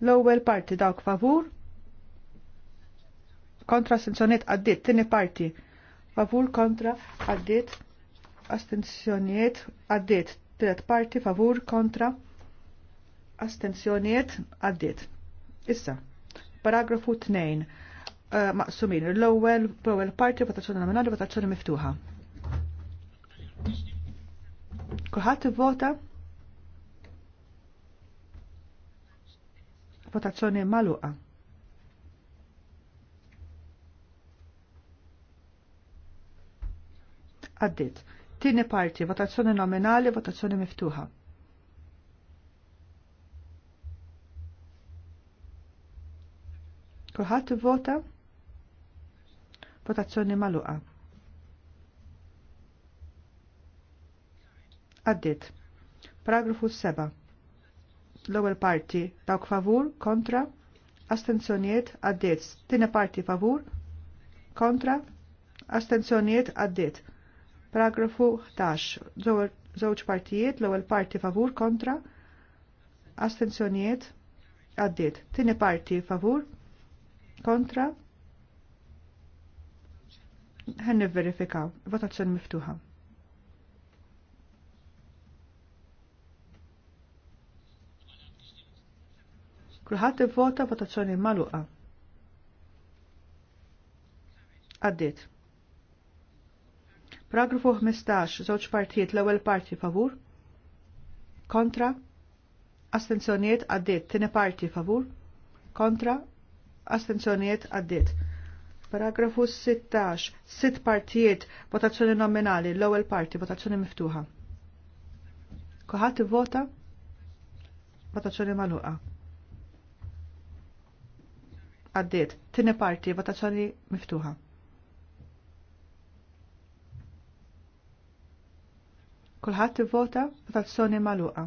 L-ewwel parti dawk favur kontra astenzjoniet għaddit, tini parti. Favur kontra għaddit, astenzjoniet għaddit, tret parti favur kontra astenzjoniet għaddit. Issa, paragrafu 2, uh, eh, maqsumin, l-ewwel l ewel parti votazzjoni nominali votazzjoni miftuħa. Kuħat ivvota votazzjoni maluqa. Għaddit. Tini parti, votazzjoni nominali, votazzjoni miftuħa. Kulħadd vota votazzjoni maluqa. Għaddit. Paragrafu 7 l-ewwel parti dawk favur kontra astenzjonijiet għaddiet. Tina parti favur kontra astenzjonijiet għaddiet. Paragrafu 11. Żewġ partijiet l-ewwel parti favur kontra astenzjonijiet għaddiet. Tini parti favur kontra ħen verifikaw. Votazzjoni miftuħa. Kulħadd ivvota votazzjoni magħluqa. Għaddit. Paragrafu 15, żewġ partijiet l-ewwel parti favur. Kontra. Astenzjonijiet għaddit. Tieni parti favur. Kontra. Astenzjoniet għaddit. Paragrafu 16, sitt partijiet votazzjoni nominali, l-ewwel parti votazzjoni miftuħa. Kuħadd vota votazzjoni magħluqa għaddiet. Tini parti, votazzjoni miftuħa. Kulħadd ivvota votazzjoni magħluqa.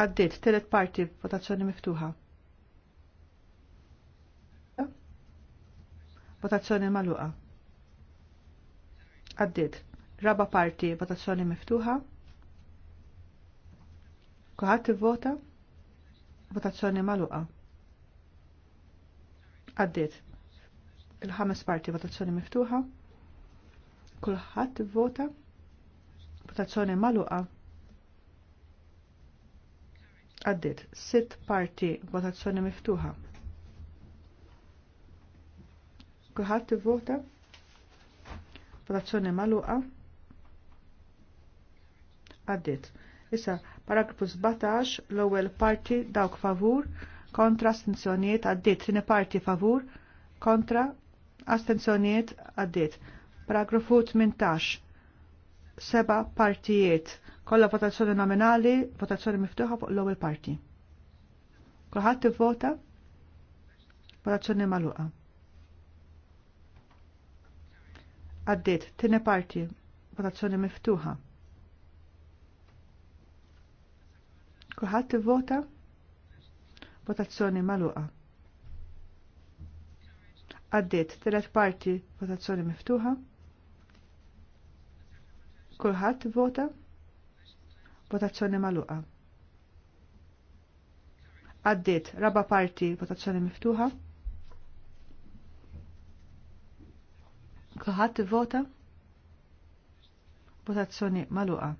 Għaddiet, tielet parti, votazzjoni miftuħa. Votazzjoni magħluqa. Għaddiet, raba parti, votazzjoni miftuħa. Kulħadd ivvota Votazzjoni maluqa. Għaddit. Il-ħames parti votazzjoni miftuħa. Kulħadd vota. Votazzjoni maluqa. Għaddit. Sitt parti votazzjoni miftuħa. Kulħadd vota. Votazzjoni maluqa. Għaddit. Issa Paragrafu 17, l-ewwel parti dawk favur, kontra astenzjonijiet għaddiet. Tieni parti favur, kontra astenzjonijiet għaddiet. Paragrafu 18, seba partijiet. Kolla votazzjoni nominali, votazzjoni miftuħa fuq l-ewwel parti. Kulħadd ivvota votazzjoni magħluqa. Għaddiet tieni parti, votazzjoni miftuħa. Kuħat vota? Votazzjoni maluqa. Għaddit, Telet parti votazzjoni miftuħa. Kulħat vota? Votazzjoni maluqa. Għaddit, raba parti votazzjoni miftuħa. Kulħadd vota. Votazzjoni maluqa.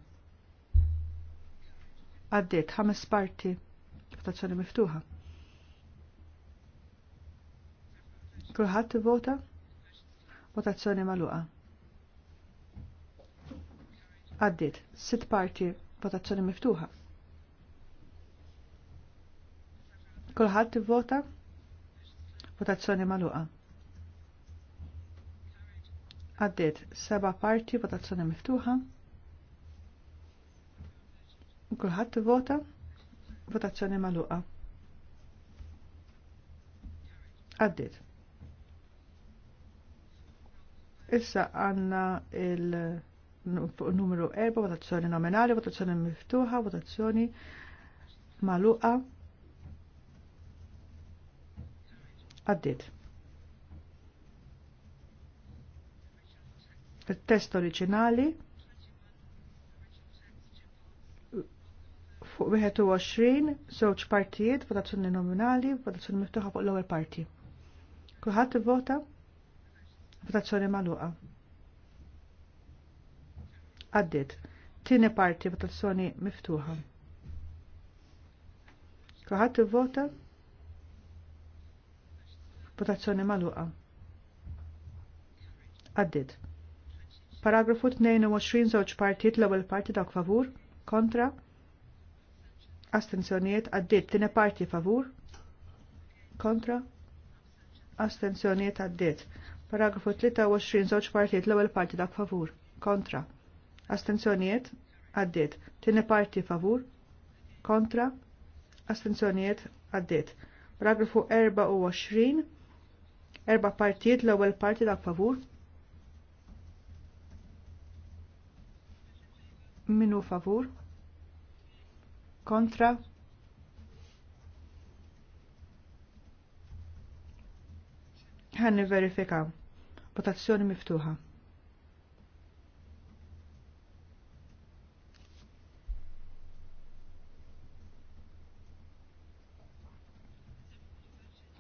Għaddiet ħames parti votazzjoni miftuħa. Kulħadd ivota? Votazzjoni magħluqa. Għaddiet sitt parti votazzjoni miftuħa. Kulħadd vota Votazzjoni magħluqa. Għaddiet seba' parti votazzjoni miftuħa. Kulħadd vota votazzjoni magħluqa. Għaddiet. Issa għanna il-numru 4, votazzjoni nominali, votazzjoni miftuħa, votazzjoni maluqa. Għaddit. Il-test oriġinali. fuq 21 żewġ partijiet votazzjoni nominali, votazzjoni miftuħa fuq l-ewwel parti. Kulħadd ivvota votazzjoni magħluqa. Għaddiet. Tieni parti votazzjoni miftuħa. Kulħadd ivvota votazzjoni magħluqa. Għaddiet. Paragrafu 22 żewġ partijiet l-ewwel parti dawk favur, kontra, Astenzjonijiet għaddit. Tine parti favur, kontra, Astenzjonijiet għaddit. Paragrafu 23 żewġ partijiet l-ewwel parti dak favur, kontra. Astenzjonijiet għaddit. Tieni parti favur, kontra. Astenzjonijiet għaddit. Paragrafu 24 erba' partijiet l-ewwel parti dak favur. Minu favur? kontra ħan verifikaw votazzjoni miftuħa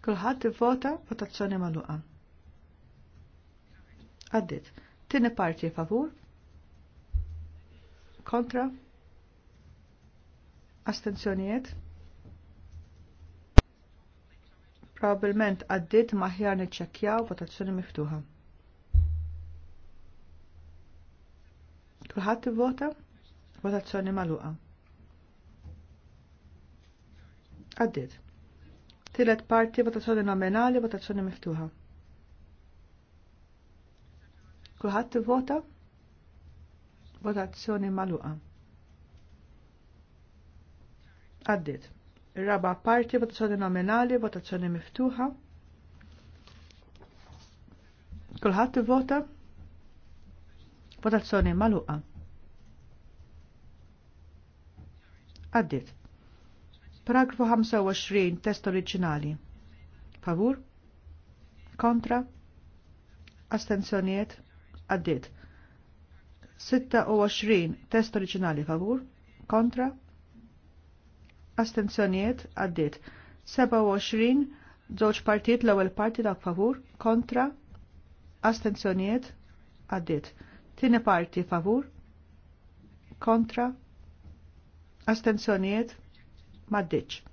kulħadd ivvota votazzjoni magħluqa għaddit tini parti favur kontra Astenzjonijiet? Probabilment għaddit maħjar niċċekkjaw votazzjoni miftuħa. Kulħadd ivvota? Votazzjoni magħluqa. Għaddit. Tielet parti votazzjoni nominali, votazzjoni miftuħa. Kulħadd ivvota? Votazzjoni magħluqa għaddit. Raba parti, votazzjoni nominali, votazzjoni miftuħa. Kulħadd vota votazzjoni maluqa. Għaddit. Paragrafu 25, test oriġinali. Favur? Kontra? Astenzjoniet? Għaddit. 26, test oriġinali. Favur? Kontra? astenzjonijiet għaddit. 27 żewġ partijiet l-ewwel parti dak favur kontra astenzjonijiet għaddit. Tieni parti favur kontra astenzjonijiet maddiċ.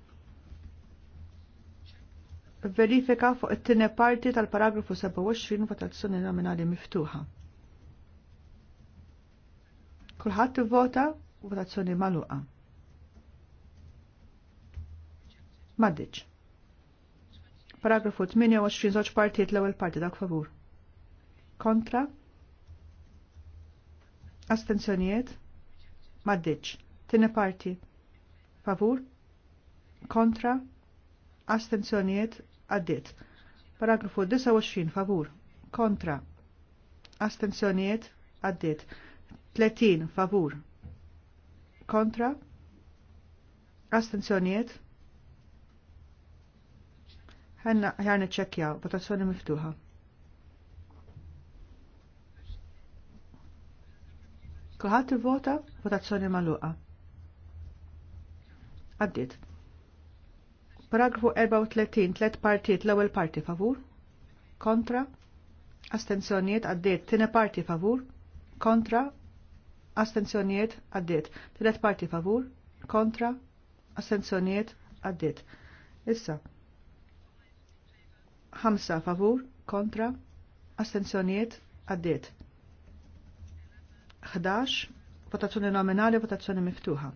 Verifika fuq it-tieni parti tal-paragrafu 27 votazzjoni nominali miftuħa. Kulħadd ivvota votazzjoni magħluqa. Maddiċ. Paragrafu 28 żewġ partijiet l-ewwel parti dak favur. Kontra. Astenzjonijiet. Maddiċ. Tieni parti. Favur. Kontra. Astenzjonijiet. Għaddiet. Paragrafu 29 favur. Kontra. Astenzjonijiet. Għaddiet. 30 favur. Kontra. Astenzjonijiet Għanna ħjarni ċekjaw, votazzjoni miftuħa. Kulħadd ivvota, votazzjoni magħluqa. Għaddit. Paragrafu 34, tlet partijiet l-ewwel parti favur, kontra, astenzjonijiet għaddiet, tieni parti favur, kontra, astenzjonijiet għaddiet, tlet parti favur, kontra, astenzjoniet għaddit. Issa, 5 favur kontra astenzjoniet għaddiet. 11 votazzjoni nominali votazzjoni miftuħa.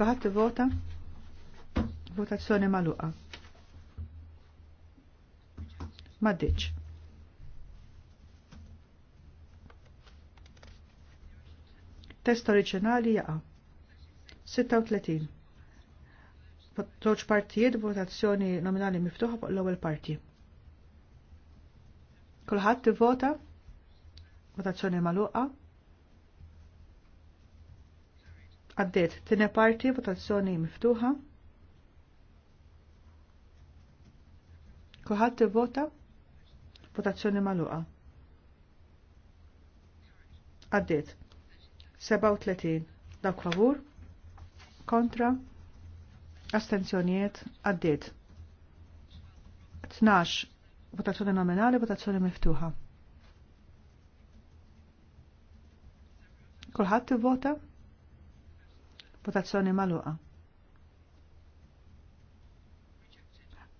Taħat vota votazzjoni maluqa. Maddiċ. Test oriġinali jaqa. 36. Żewġ partijiet votazzjoni nominali miftuħa fuq l-ewwel parti. Kulħadd ivvota votazzjoni magħluqa. Għaddiet tieni parti votazzjoni miftuħa. Kulħadd tivvota? votazzjoni magħluqa. Għaddiet 37 dak favur kontra astenzjonijiet għaddiet. 12. Votazzjoni nominali, votazzjoni miftuħa. Kulħadd ivvota? Votazzjoni magħluqa.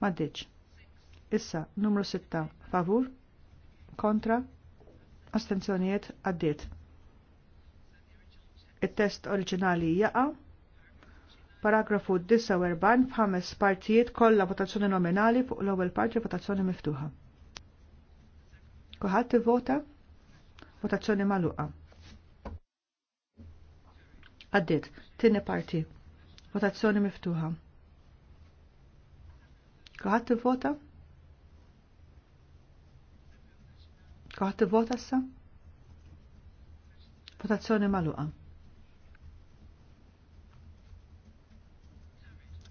M'għaddiġ. Issa numru 6 favur, kontra, astenzjonijiet għaddiet. It-test oriġinali jaqa' Paragrafu 49 f'ħames partijiet kollha votazzjoni nominali fuq l-ewwel parti votazzjoni miftuħa. Kuħadd ivvota votazzjoni magħluqa. Għaddiet, tieni parti. Votazzjoni miftuħa. Kuħadd ivvota? Kuħadd ivvota issa? Votazzjoni magħluqa.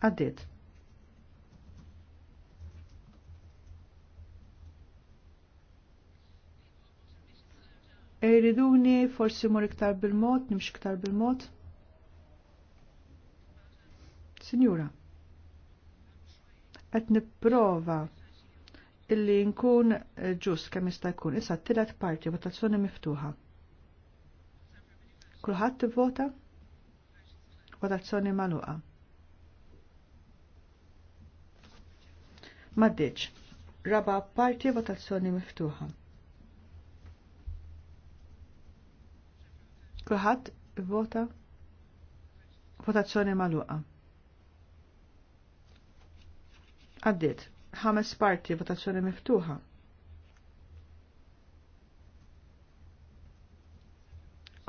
Għaddit. Eriduni forsi mor iktar bil-mod, nimx iktar bil-mod. Signora, qed nipprova illi nkun eh, ġust kemm jista' jkun issa t-tielet parti votazzjoni miftuħa. Kulħadd ivvota? Votazzjoni magħluqa. Maddeċ, Raba parti votazzjoni miftuħa. Kulħadd vota votazzjoni magħluqa. Għaddit, Ħames parti votazzjoni miftuħa.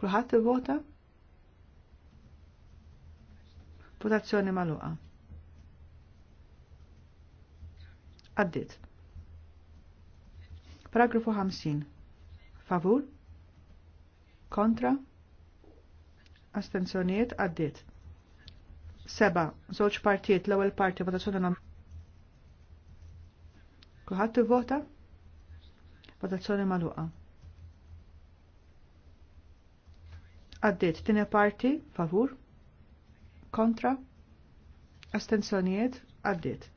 Kulħadd vota? Votazzjoni magħluqa. Għaddit. Paragrafu 50. Favur? Kontra? Astenzjoniet għaddit. Seba, żewġ partijiet l-ewwel parti votazzjoni nom. Kulħadd vota? Votazzjoni magħluqa. Għaddit, tieni parti favur? Kontra? Astenzjonijiet Għaddit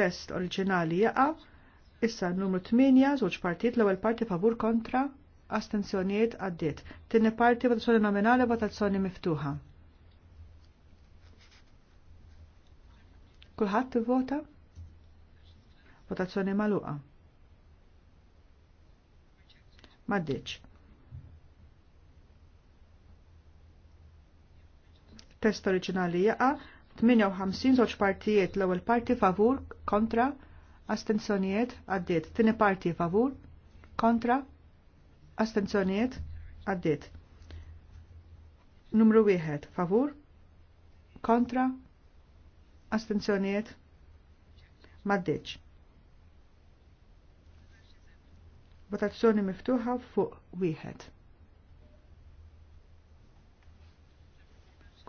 test oriġinali jaqa, issa numru 8, żewġ partijiet l-ewwel parti favur kontra astenzjonijiet għaddiet. Tinni parti votazzjoni nominali votazzjoni miftuħa. Kulħadd ivvota? Votazzjoni magħluqa. Maddiċ. Test oriġinali jaqa' 58 żewġ partijiet l-ewwel parti favur kontra astenzjonijiet għaddiet. Tieni parti favur kontra astenzjonijiet għaddiet. Numru 1 favur kontra astenzjonijiet maddeċ. Votazzjoni miftuħa fuq wieħed.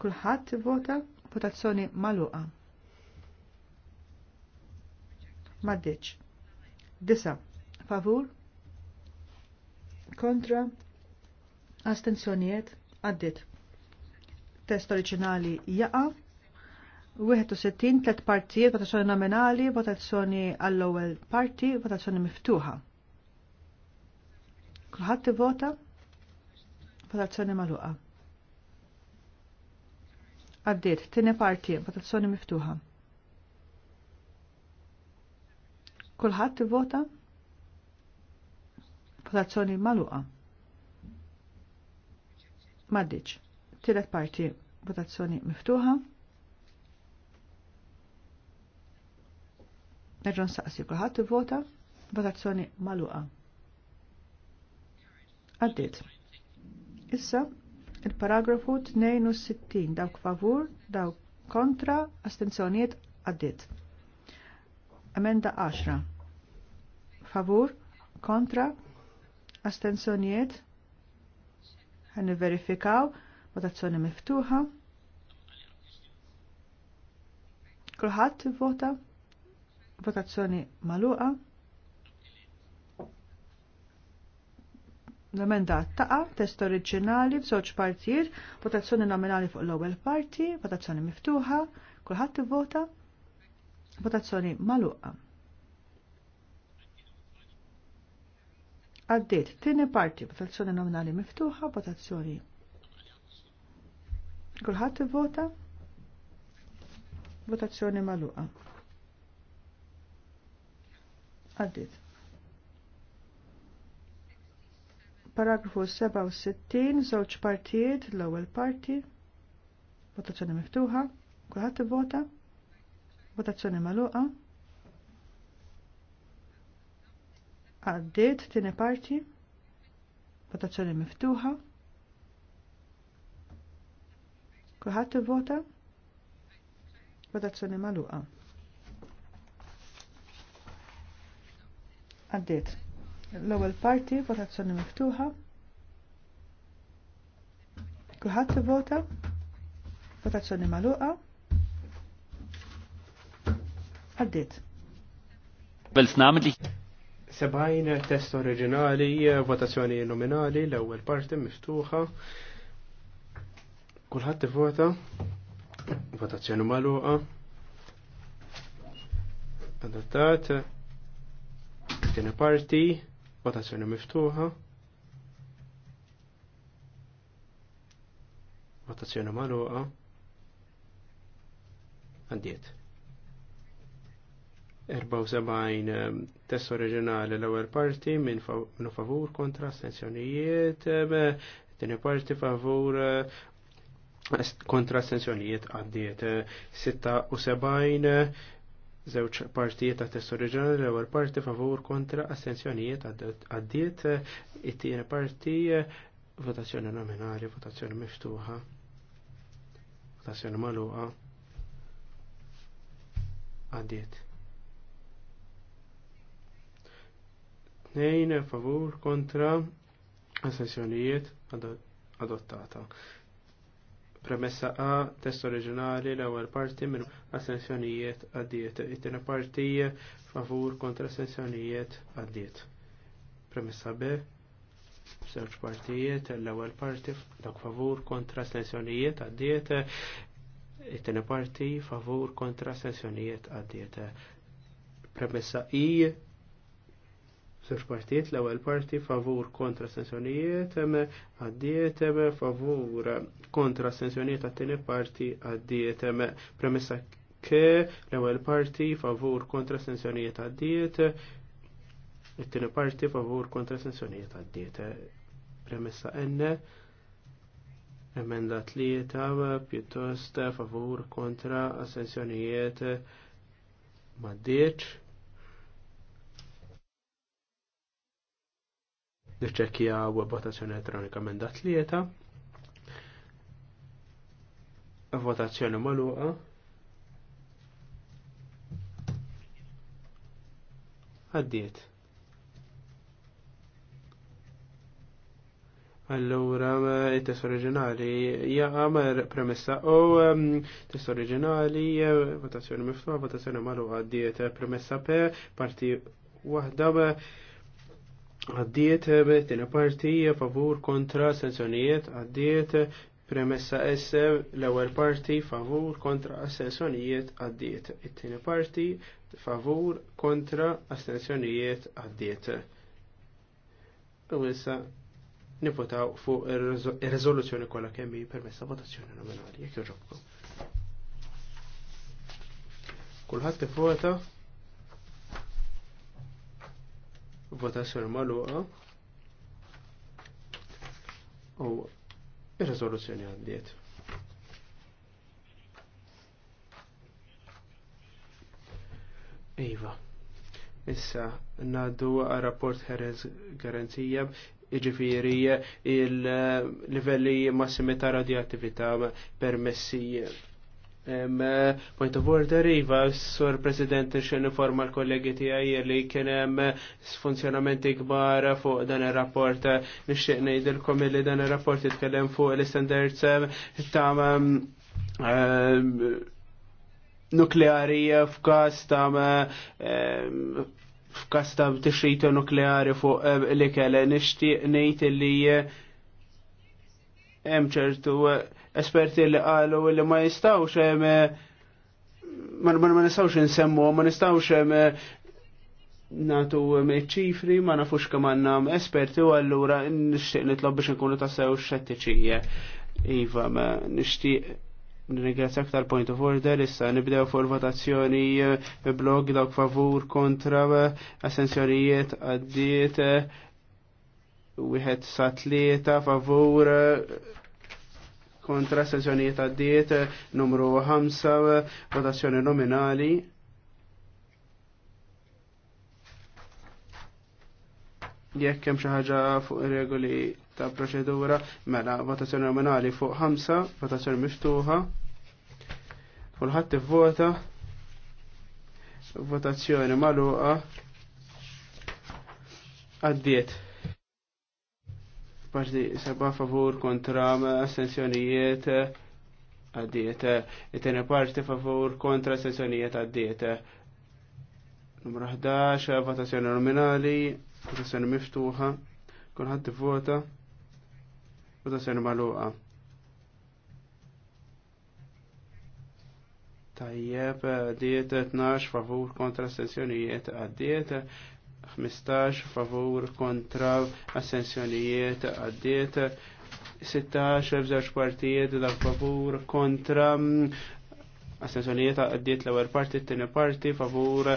Kulħadd ivvota? votazzjoni maluqa. Maddeċ. Disa. Favur. Kontra. Astenzjonijiet. Addit. Test oriġinali jaqa. 61 tlet partijiet, votazzjoni nominali, votazzjoni għall-ewwel parti, votazzjoni miftuħa. Kulħadd ivota? Votazzjoni maluqa. Għaddiet, tini parti, votazzjoni miftuħa. Kulħadd ivvota? Votazzjoni maluqa. Maddiċ. Tielet parti, votazzjoni miftuħa. Nerġa' nsaqsi kulħadd ivvota? Votazzjoni maluqa. Għaddiet. Issa Il-paragrafu 62 dawk favur, dawk kontra, astenzjonijiet għaddit. Emenda 10. Favur, kontra, astenzjonijiet, għan verifikaw, votazzjoni miftuħa. Kulħadd vota, votazzjoni maluqa. l-emenda taqa, test oriġinali b'żewġ partijiet, votazzjoni nominali fuq l-ewwel parti, votazzjoni miftuħa, kulħadd ivvota, votazzjoni maluqa. Għaddiet tieni parti, votazzjoni nominali miftuħa, votazzjoni. Kulħadd ivvota, votazzjoni maluqa. Għaddiet. Paragrafu 67, żewġ partijiet, l-ewwel parti. Votazzjoni miftuħa. Kulħadd ivvota. Votazzjoni magħluqa. Għaddiet tieni parti. Votazzjoni miftuħa. Kulħadd ivvota. Votazzjoni magħluqa. Għaddiet. L-ewwel parti, votazzjoni miftuħa. Kulħadd ivota. Votazzjoni magħluqa. Għaddiet. Sebajn test oriġinali, votazzjoni nominali, l-ewwel parti miftuħa. Kulħadd ivota. Votazzjoni magħluqa. Adattat. Tiene parti votazzjoni miftuħa, votazzjoni maluqa, Għandiet. 74 ehm, test oriġinali l-ewwel parti minn favur kontra astensjonijiet, ehm, tieni parti favur ehm, kontra astensjonijiet għaddiet 76 żewġ partijiet ta' test oriġinali l-ewwel parti favur kontra assenzjonijiet għaddiet it-tieni parti votazzjoni nominali, votazzjoni miftuħa, votazzjoni magħluqa għaddiet. Nejn favur kontra assenzjonijiet adottata. Premessa A, test oriġinali l ewwel parti minn assenzjonijiet għaddiet. It-tieni parti favur kontra assenzjonijiet għaddiet. Premessa B, żewġ partijiet, l ewwel parti dak favur kontra assenzjonijiet għaddiet. It-tieni parti favur kontra assenzjonijiet għaddiet. Premessa I, żewġ partijiet l-ewwel parti favur kontra sensjonijiet għaddiet favur kontra sensjonijiet għat-tieni parti għaddiet premessa ke l-ewwel parti favur kontra sensjonijiet għaddiet it-tieni parti favur kontra sensjonijiet għaddiet premessa n emenda tlieta pjuttost favur kontra assenzjonijiet maddiċ niċċekkja votazzjoni elettronika minn dat tlieta. Votazzjoni magħluqa. Għaddiet. Allura, eh, il-test oriġinali, ma premessa u ehm, test oriġinali, eh, votazzjoni miftuħa, votazzjoni malu għaddiet, eh, premessa per parti wahda, Għaddiet, eh, tina parti, eh, favur kontra sensjonijiet, għaddiet, premessa esse l-ewel parti, favur kontra assenzjonijiet, għaddiet. it tieni parti, favur kontra assenzjonijiet għaddiet. U issa nivotaw fuq ir-riżoluzzjoni kollha kemm hi permessa votazzjoni nominali jekk joġobkom. Kulħadd ivvota Vota sur magħluqa u il riżoluzzjoni għaddiet. Iva. Issa, naddu rapport ħerez Garanzija iġifiri il-livelli massimi ta' radioattività permessi Point of order, Iva, Sur President, xen informa l-kollegi tijaj li kienem sfunzjonamenti kbar fuq dan il-rapport. Nixxieq nejdilkom li dan il-rapport jitkellem fuq l-standards ta' nukleari f'kas ta' f'kas ta' tixrita nukleari fuq li kelle nixtieq nejt li hemm ċertu esperti li qalu li ma jistawx ma nistawx nsemmu, ma nistawx natu ċifri, ma nafux kem għandna esperti u allura nixtieq nitlob biex nkunu tassew xettiċija. Iva, ma nixtieq nirringrazzjak aktar point of order, issa nibdew fuq il-votazzjoni eh, blog dawk favur kontra eh, assenzjonijiet għaddiet eh, wieħed sa tlieta favur kontra sezzjonijiet għaddiet eh, numru 5 eh, votazzjoni nominali. Jekk hemm xi ħaġa fuq ir regoli ta' proċedura, mela votazzjoni nominali fuq 5, votazzjoni miftuħa. Kulħadd ivvota votazzjoni magħluqa għaddiet parti seba favur kontra assenzjonijiet għaddiet, it-tini parti favur kontra assenzjonijiet għaddiet. Numru 11, votazzjoni nominali, votazzjoni miftuħa, kulħadd vota, votazzjoni magħluqa. Tajjeb, għaddiet 12 favur kontra assenzjonijiet għaddiet, 15 favur kontra assenzjonijiet għaddiet 16 f'żewġ partijiet la favur kontra assenzjonijiet għaddiet l-ewwel parti t-tieni parti favur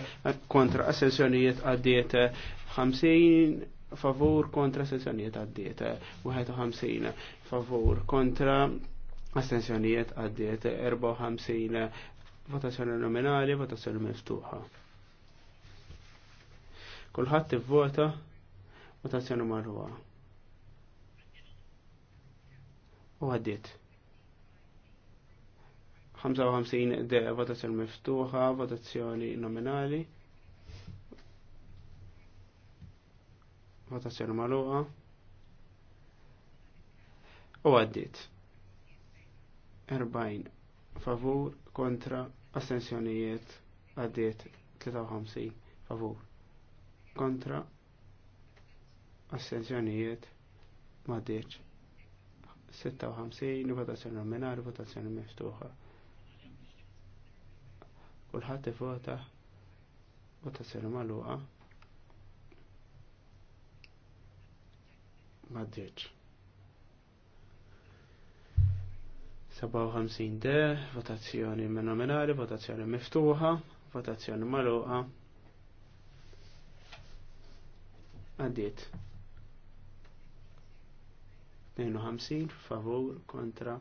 kontra assenzjonijiet għaddiet 50 favur kontra sessjonijiet għaddiet 51 favur kontra assenzjonijiet għaddiet 54 votazzjoni nominali, votazzjoni miftuħa. Kulħadd ivvota votazzjoni marruha. U għaddiet. 55 de votazzjoni miftuħa, votazzjoni nominali. Votazzjoni marruha. U għaddiet. 40 favur kontra astensjonijiet għaddiet 53 favur kontra assenzjonijiet ma deċ 56 votazzjoni nominali votazzjoni miftuħa kulħadd ivota votazzjoni magħluqa ma deċ 57 de votazzjoni nominali votazzjoni miftuħa votazzjoni magħluqa Għaddiet. 52 favur kontra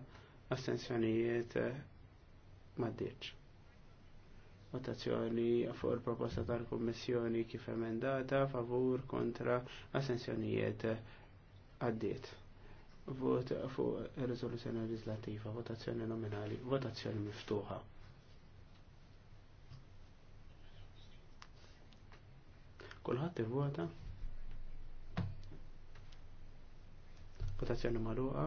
astensjonijiet eh, maddiċ. Votazzjoni fuq il-proposta tal-Kommissjoni kif emendata favur kontra assenzjonijiet eh, għaddiet. Vot fuq il-rizoluzjoni legislativa, votazzjoni nominali, votazzjoni miftuħa. Kulħadd ivvota? votazzjoni magħluqa.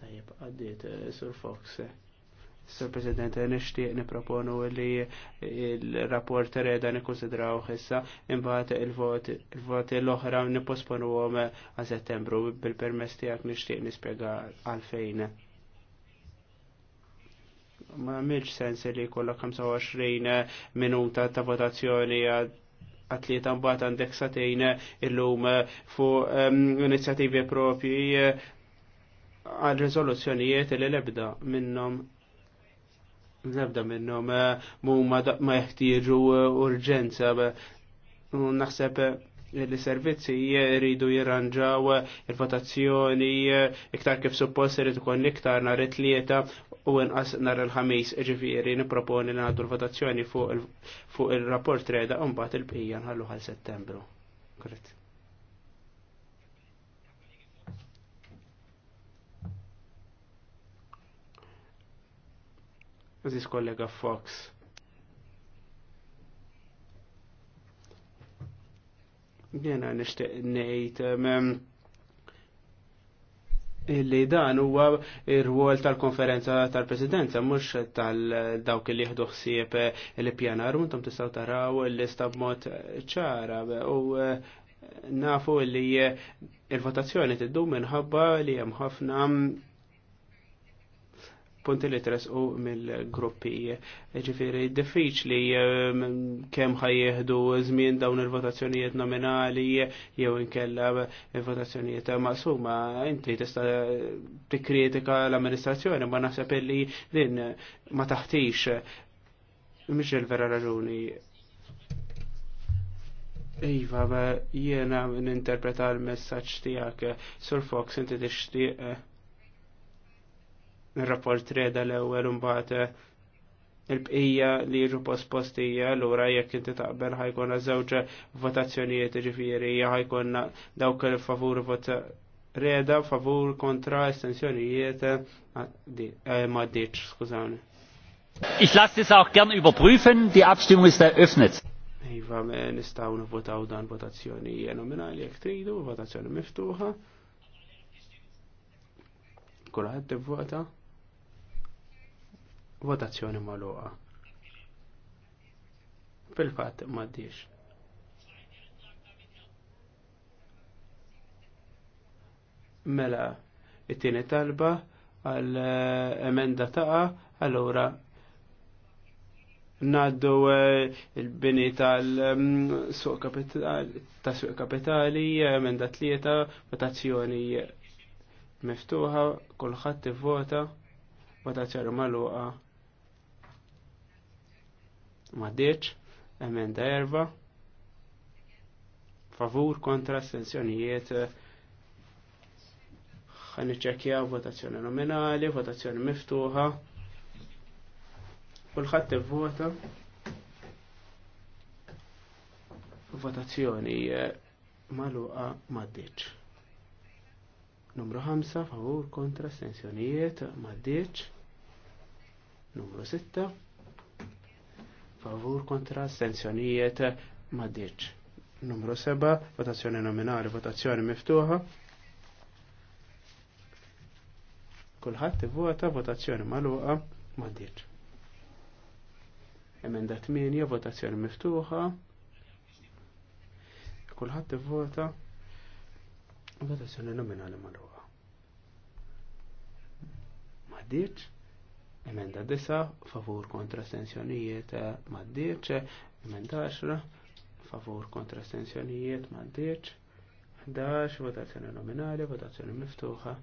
Tajib, għaddit, eh, Sur Fox. Sir President, eh, nishtiq niproponu li il-rapport reda nikonsidraw issa imbagħad il-voti l-oħra nipposponuhom eh, għal Settembru bil-permess tiegħek nixtieq nispjega għalfejn. Ma għamilx sens li kolla 25 minuta ta' votazzjoni għad- atleta mbagħad għandek il illum fuq ehm, inizjattivi propji eh, għal riżoluzzjonijiet li lebda minnhom lebda minnhom eh, mu ma jeħtieġu eh, urġenza naħseb li servizzi jridu jirranġaw il-votazzjoni iktar kif suppost irid ikun iktar nhar it-tlieta u inqas nar il-ħamis ġifieri nipproponi li l-votazzjoni fuq il-rapport reda u mbagħad il-bqija nħallu għal Settembru. Korrett. Aziz kollega Fox. Jena nishtiq nejt li dan huwa ir-rwol tal-konferenza tal-presidenza mhux tal-dawk li jieħdu ħsieb il pjanar u intom tistgħu taraw l-lista b'mod ċara u eh, nafu li il-votazzjoni tiddum minħabba li hemm ħafna punti li tresqu mill-gruppi. Ġifiri, diffiċ li eh, kem ħajjeħdu żmien dawn il-votazzjonijiet nominali jew inkella votazzjonijiet maqsuma. Inti tista' tikkritika l-amministrazzjoni ma naħseb li din ma taħtix mhix il-vera raġuni. Iva, jiena ninterpreta l-messaġġ tiegħek. Sur Fox, inti tixtieq eh, il-rapport reda l-ewel mbagħad eh, il-bqija li jiġu postpostija l-ura jekk inti taqbel ħajkonna żewġ votazzjonijiet ġifiri ħajkonna dawk il-favur vot reda favur kontra estensjonijiet ma eh, skużawni. Ich lasse es auch gern überprüfen, die Abstimmung ist eröffnet. Iva, nistaw nivotaw dan votazzjoni nominali jek tridu, votazzjoni miftuħa. Kulħadd tivvota. Votazzjoni magħluqa. Fil-fatt m'għaddix. Mela, it-tieni talba għal eh, emenda taqa, allura naddu eh, il-bini tal-suq mm, kapitali, eh, emenda tlieta, votazzjoni miftuħa, kulħadd ivvota, votazzjoni magħluqa. Maddeċ, emenda erba, favur kontra astensjonijiet ħan iċċekkjaw votazzjoni nominali, votazzjoni miftuħa. Kulħadd ivvota. Votazzjoni eh, maluqa m'għaddiċ. Numru 5 favur kontra astensjonijiet m'għaddiċ. Numru 6 favur kontra astenzjonijiet maddiċ. Numru 7, votazzjoni nominali, votazzjoni miftuħa. Kulħadd ivvota votazzjoni magħluqa maddiċ. Emenda 8, votazzjoni miftuħa. Kulħadd ivvota votazzjoni nominali magħluqa. Maddiċ. Emenda 9 favur kontra stensjonijiet eh, maddiċ. Emenda 10 favur kontra stensjonijiet maddiċ. 11 votazzjoni nominali, votazzjoni miftuħa.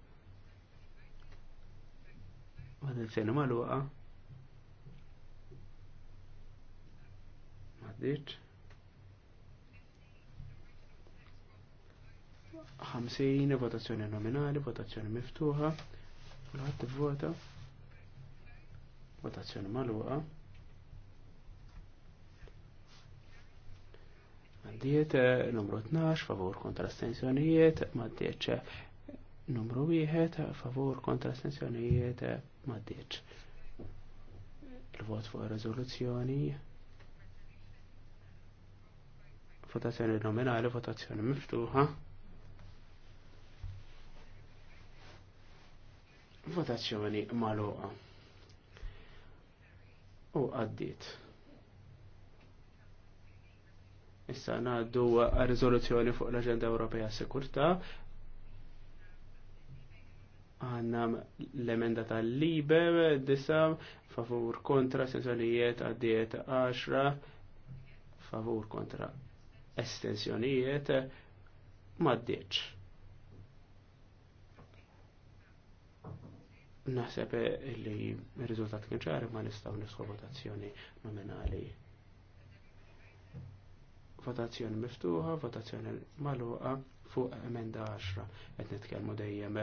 Votazzjoni maluqa. Maddiċ. 50 votazzjoni nominali, votazzjoni miftuħa, l ivvota. vota Votazzjoni maluqa. Maddiet eh, numru 12 favor kontra astensjonijiet, maddiet numru 1 favur kontra astensjonijiet, maddiet. Eh, eh, Il-vot fuq rezoluzzjoni. Votazzjoni nominali, votazzjoni miftuħa. Votazzjoni maluqa u għaddiet. Issa għaddu għal-rizoluzzjoni fuq l-Aġenda Ewropea Sekurta. Għanna l-emenda tal-libe, disa, favur kontra, sensorijiet għaddiet 10, favur kontra estensjonijiet, ma' 10. Naħseb li r-riżultat kien ċari ma nistgħu nisħu votazzjoni nominali. Votazzjoni miftuħa, votazzjoni magħluqa fuq emenda 10 qed nitkellmu dejjem.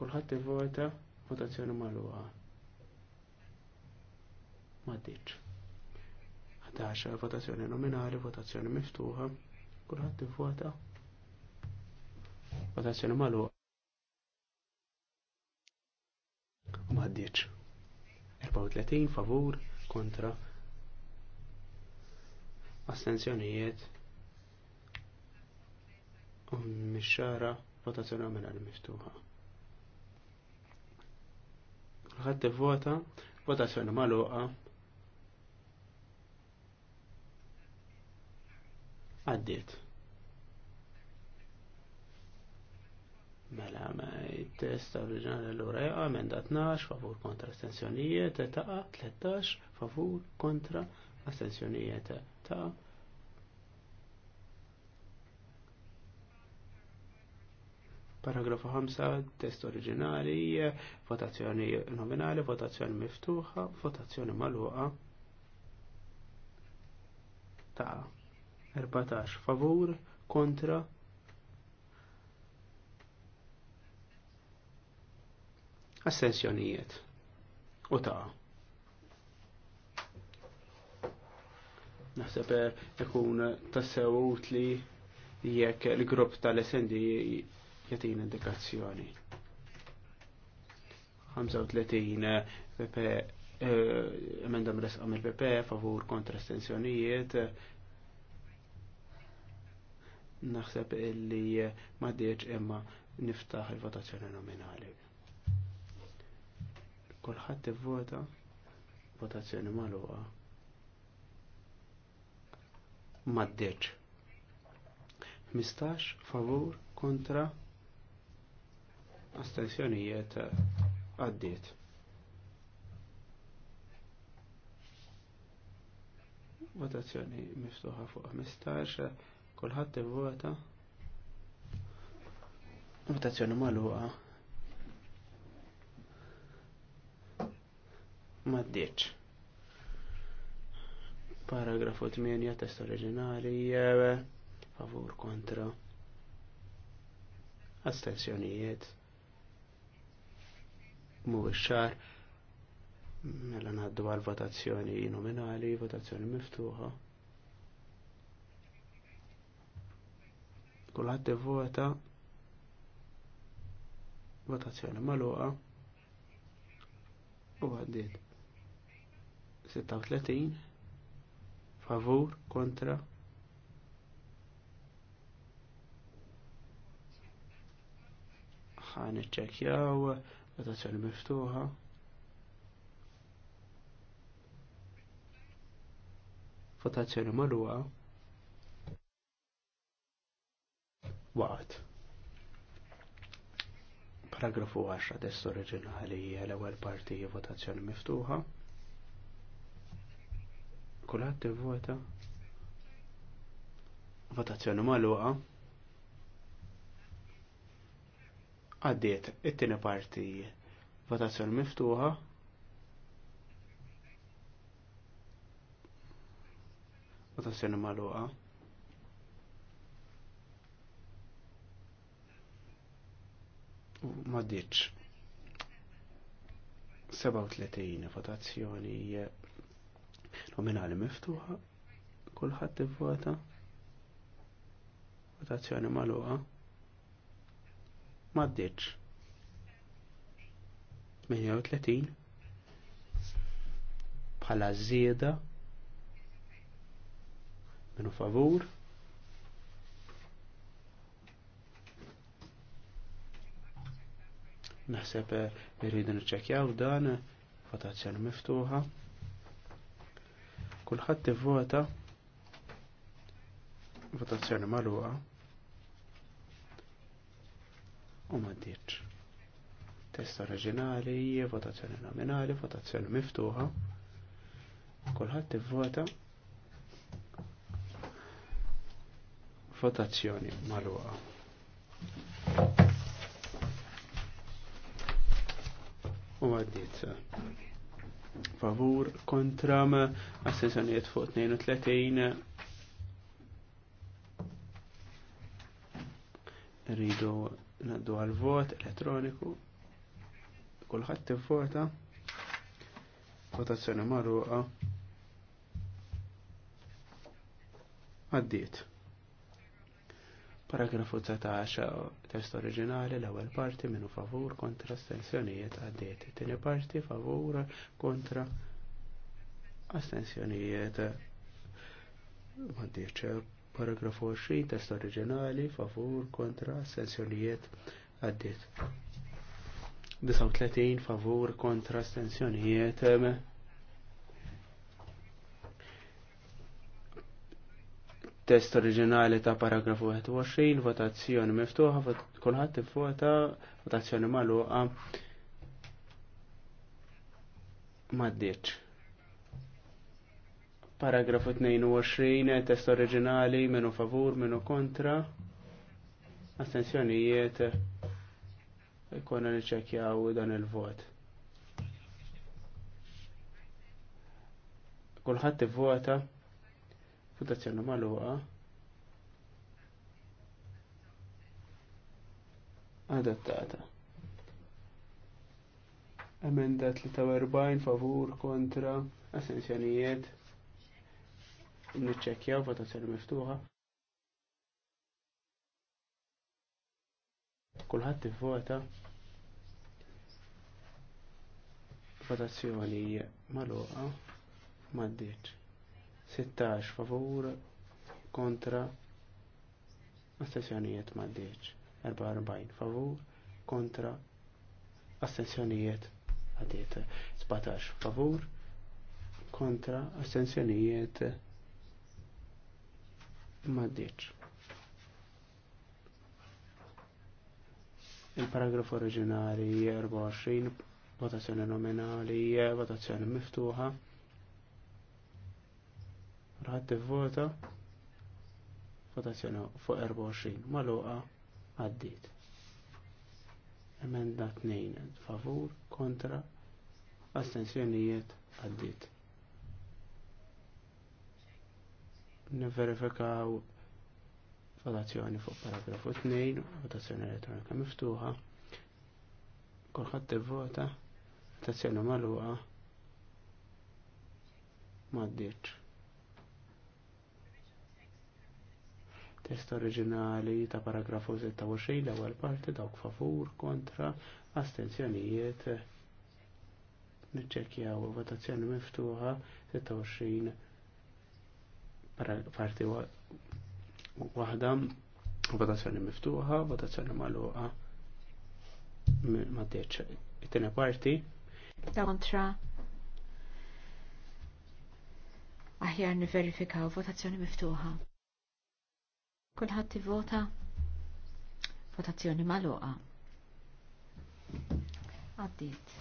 Kulħadd ivvota votazzjoni magħluqa. Ma ddiċ. 11 votazzjoni nominali, votazzjoni miftuħa, kulħadd ivvota. Votazzjoni magħluqa. maddiċ. 34 favur kontra astenzjonijiet u mixxara votazzjoni nominali miftuħa. Ħadd ivvota, votazzjoni magħluqa għaddiet. Mela, il-test oriġinali l-ura jaqa, menda 12, favur kontra astensjonijiet, taqa 13, favur kontra astensjonijiet, ta'. Paragrafu 5, test oriġinali, votazzjoni nominali, votazzjoni miftuħa, votazzjoni maluqa. Taqa. 14, favur kontra Assenzjonijiet. U ta' naħseb eh, ikun tassew utli jekk il-grupp tal-SND jatin indikazzjoni. 35 eh, PP eh, emenda mresqa il PP favur kontra estensjonijiet naħseb illi ma imma niftaħ il-votazzjoni nominali. Kulħadd ivvota votazzjoni magħluqa. Maddeċ. 15 favur kontra astensjonijiet eh, għaddiet. Votazzjoni miftuħa fuq 15, eh, kulħadd ivvota. Votazzjoni magħluqa maddiċ. Paragrafu 8 test oriġinali favur kontra astensjonijiet mu xar mela ngħaddu għal votazzjoni nominali, votazzjoni miftuħa. Kulħadd vota votazzjoni magħluqa u għaddiet. 36 favur kontra ħan iċċekjaw votazzjoni miftuħa votazzjoni marwa waqt paragrafu 10 test oriġinali l-ewwel parti votazzjoni miftuħa Kulħadd vota Votazzjoni magħluqa. Għaddiet it-tieni parti. Votazzjoni miftuħa. Votazzjoni magħluqa. ma ditx 37 votazzjoni nominali miftuħa, kulħadd ivvota, votazzjoni magħluqa, m'għaddiċ. 38 bħala żieda minu favur naħseb eh, irridu niċċekkjaw dan votazzjoni miftuħa Kulħadd ivvota votazzjoni magħluqa u ma ddirċ. Test oriġinali, votazzjoni nominali, votazzjoni miftuħa. Kulħadd ivvota votazzjoni magħluqa. U Okay favur kontra assessjonijiet fuq 32 rridu naddu għal vot elettroniku kulħadd ivvota votazzjoni marruqa għaddiet Paragrafu 19, test oriġinali, l-ewwel parti minnu favur kontra astensjonijiet għaddiet. Tieni parti favur kontra astensjonijiet. Mandiċ, paragrafu 20, test oriġinali, favur kontra astensjonijiet għaddiet. 39 favur kontra astensjonijiet. test oriġinali ta' paragrafu 21, votazzjoni miftuħa, kulħadd vota votazzjoni magħluqa m'għaddiex. Paragrafu 22, test oriġinali, menu favur, menu kontra, astensjonijiet, ikonna niċċekjaw dan il-vot. Kulħadd vota votazzjoni maluqa. Adattata. Emenda 43 favur kontra assenzjonijiet. Niċċekkjaw votazzjoni miftuħa. Kulħadd ivvota. Votazzjoni maluqa. Maddiċ. 16 favur kontra astensjonijiet maddiċ 44 favur kontra astensjonijiet għadiet 17 favur kontra astensjonijiet maddiċ il-paragraf oriġinali 24 votazzjoni nominali votazzjoni miftuħa Raħat vota votazzjoni fuq 24 maluqa għaddit. Emenda 2 favur kontra astensjonijiet għaddit. Niverifikaw votazzjoni fuq paragrafu 2, votazzjoni elettronika miftuħa, kolħat vota votazzjoni maluqa maddiċ. test oriġinali ta' paragrafu 26 l-ewwel parti dawk favur kontra astenzjonijiet niċċekkjaw votazzjoni miftuħa 26 parti waħda votazzjoni miftuħa, votazzjoni magħluqa ma deċ. It-tieni parti kontra aħjar niverifikaw votazzjoni miftuħa. Kulħadd vota Votazzjoni magħluqa. Għaddit.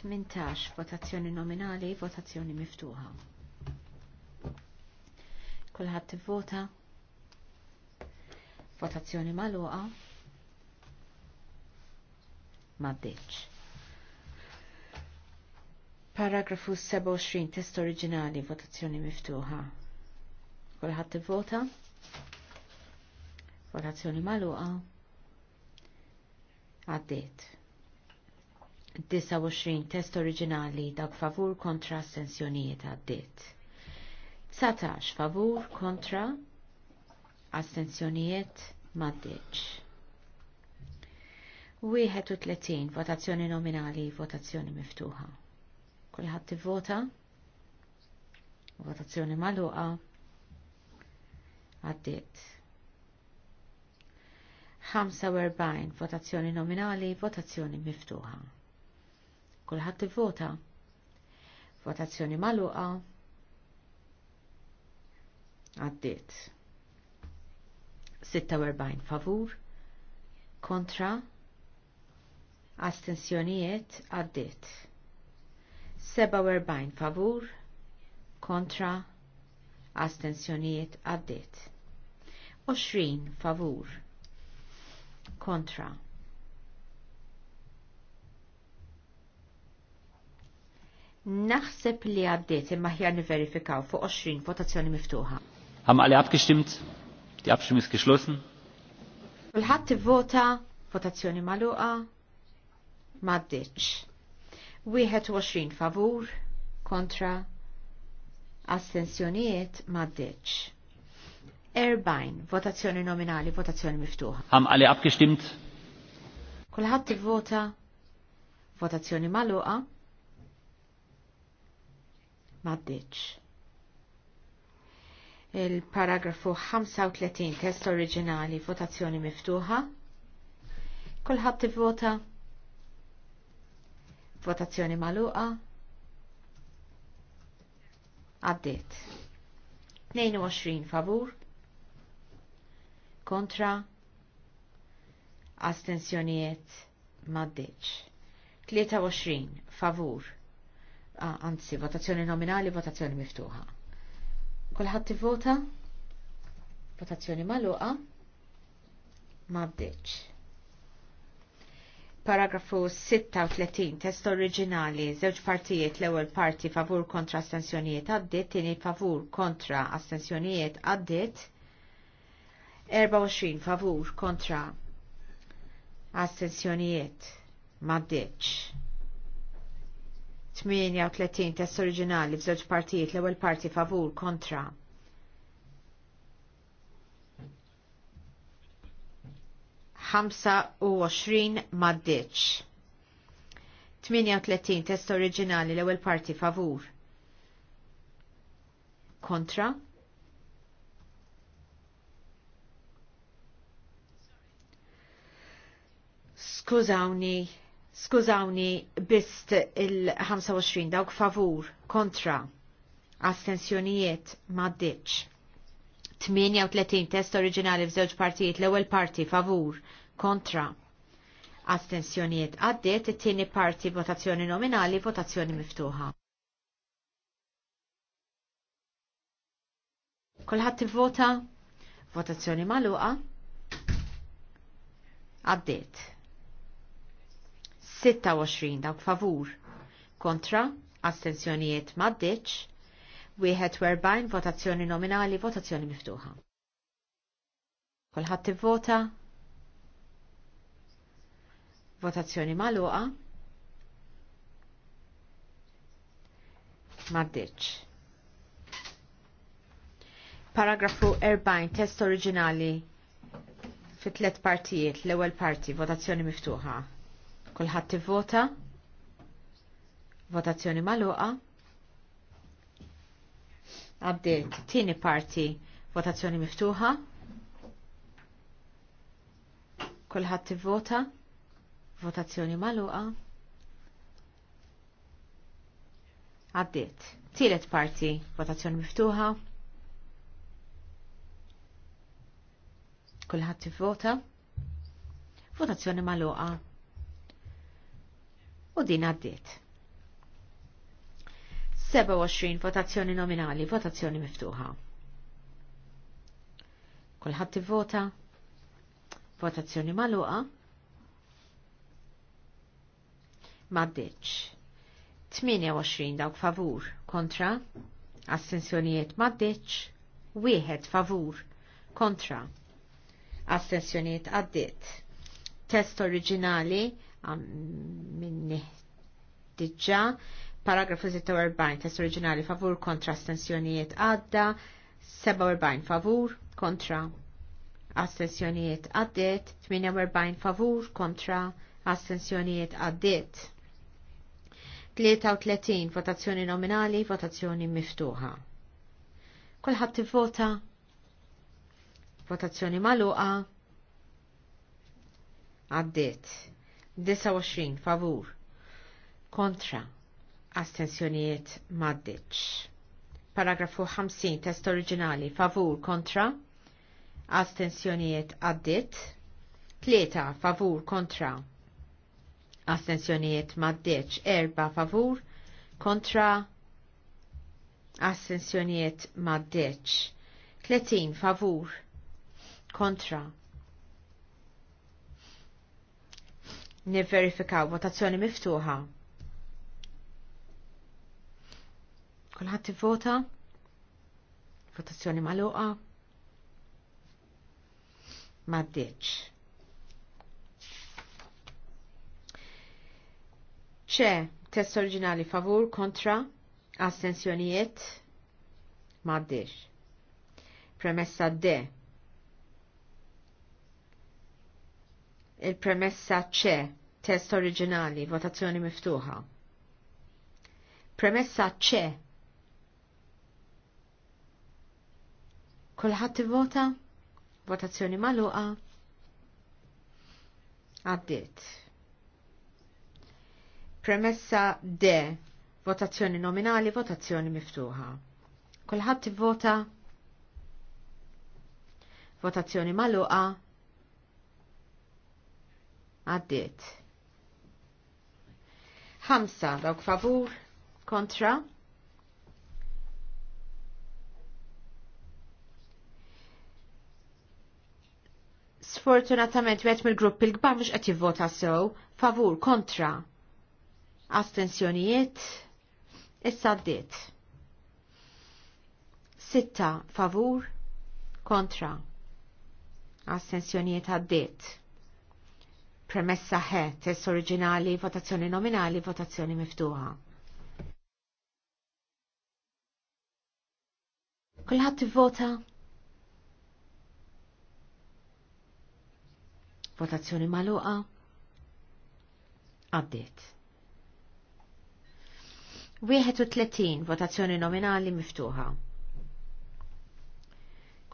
18 votazzjoni nominali, votazzjoni miftuħa. Kulħadd tivvota. Votazzjoni magħluqa. M'għaddiċ. Paragrafu 27 test oriġinali, votazzjoni miftuħa. Kulħadd vota Votazzjoni magħluqa. Għaddit. 29 test oriġinali dak favur kontra astensjonijiet għaddit. 19 favur kontra astensjonijiet maddiċ. 31 votazzjoni nominali, votazzjoni miftuħa. Kulħadd tivvota? Votazzjoni magħluqa għaddiet. 45 votazzjoni nominali, votazzjoni miftuħa. Kulħadd ivvota. Votazzjoni magħluqa. Għaddiet. 46 favur kontra astensjonijiet għaddiet. 47 favur kontra astensjonijiet għaddiet. 20 favur kontra Naħseb li għaddiet imma ħjar niverifikaw fuq 20 votazzjoni miftuħa. Haben alle abgestimmt? Die Abstimmung is geschlossen. Kulħadd ivvota votazzjoni magħluqa m'għaddiċ. 21 favur kontra astensjonijiet m'għaddiċ. 40, votazzjoni nominali, votazzjoni miftuħa. Ham għali abgestimmt? Kulħadd tivvota, votazzjoni maluqa, maddiċ. Il-paragrafu 35, test oriġinali, votazzjoni miftuħa. Kulħadd tivvota, votazzjoni maluqa, għaddiet. 22 favur, kontra astensjonijiet maddeċ. 23 favur ah, anzi votazzjoni nominali votazzjoni miftuħa. Kulħadd tivvota? Votazzjoni magħluqa maddeċ Paragrafu 36 test oriġinali żewġ partijiet l-ewwel parti favur kontra astensjonijiet għaddit, tieni favur kontra astensjonijiet għaddit 24 favur kontra astensjonijiet maddeċ. 38 test oriġinali f'żewġ partijiet l-ewwel parti favur kontra. Hamsa u 25 maddeċ. 38 test oriġinali l-ewwel parti favur. Kontra. Skużawni, skużawni bist il-25 dawk favur, kontra, astensjonijiet maddiċ. 38 test oriġinali f'żewġ partijiet l-ewwel parti favur, kontra. Astensjonijiet għaddiet it-tieni parti votazzjoni nominali votazzjoni miftuħa. Kulħadd tivvota? Votazzjoni magħluqa? Għaddiet. 26 dawk favur. Kontra, astenzjonijiet maddiċ, 41 votazzjoni nominali, votazzjoni miftuħa. Kolħat vota votazzjoni maluqa, maddiċ. Paragrafu 40, test oriġinali fit tlet partijiet, l-ewwel parti, votazzjoni miftuħa. Kulħadd tivvota. Votazzjoni magħluqa. Għabdilt tieni parti votazzjoni miftuħa. Kulħadd tivvota. Votazzjoni magħluqa. Għaddiet. Tielet parti votazzjoni miftuħa. Kulħadd tivvota. Votazzjoni magħluqa u din għaddiet. 27 votazzjoni nominali, votazzjoni miftuħa. Kulħadd vota, votazzjoni magħluqa. maddeċ. 28 dawk favur kontra, astensjonijiet maddeċ, wieħed favur kontra, astensjonijiet għaddiet. Test oriġinali minni diġa paragrafu 46 test oriġinali favur kontra astensjonijiet għadda 47 favur kontra astensjonijiet għaddit 48 favur kontra astensjonijiet għaddit 33 votazzjoni nominali votazzjoni miftuħa kolħat tivvota votazzjoni maluqa għaddit 29 favur kontra astensjoniet maddiċ. Paragrafu 50 test oriġinali favur kontra astensjonijiet addit. Tleta favur kontra astensjonijiet maddiċ. Erba' favur kontra astensjoniet maddiċ. 30 favur kontra Nivverifikaw votazzjoni miftuħa. Kulħadd tivvota? Votazzjoni magħluqa? M'għaddiex. ċe test oriġinali favur kontra astensjonijiet maddir. Premessa D il-premessa ċe, test oriġinali, votazzjoni miftuħa. Premessa ċe. Kolħat vota? Votazzjoni maluqa? Għaddit. Premessa D. Votazzjoni nominali, votazzjoni miftuħa. Kolħat vota? Votazzjoni maluqa? għaddiet. Hamsa, dawk favur kontra Sfortunatament wieħed mill-grupp il-kbar mhux qed jivvota sew favur kontra astensjonijiet issa għaddiet. Sitta favur kontra astensjonijiet għaddiet. Premessa he, test oriġinali, votazzjoni nominali, votazzjoni miftuħa. Kulħadd tivvota? Votazzjoni maluqa? Għaddiet. 31 votazzjoni nominali miftuħa.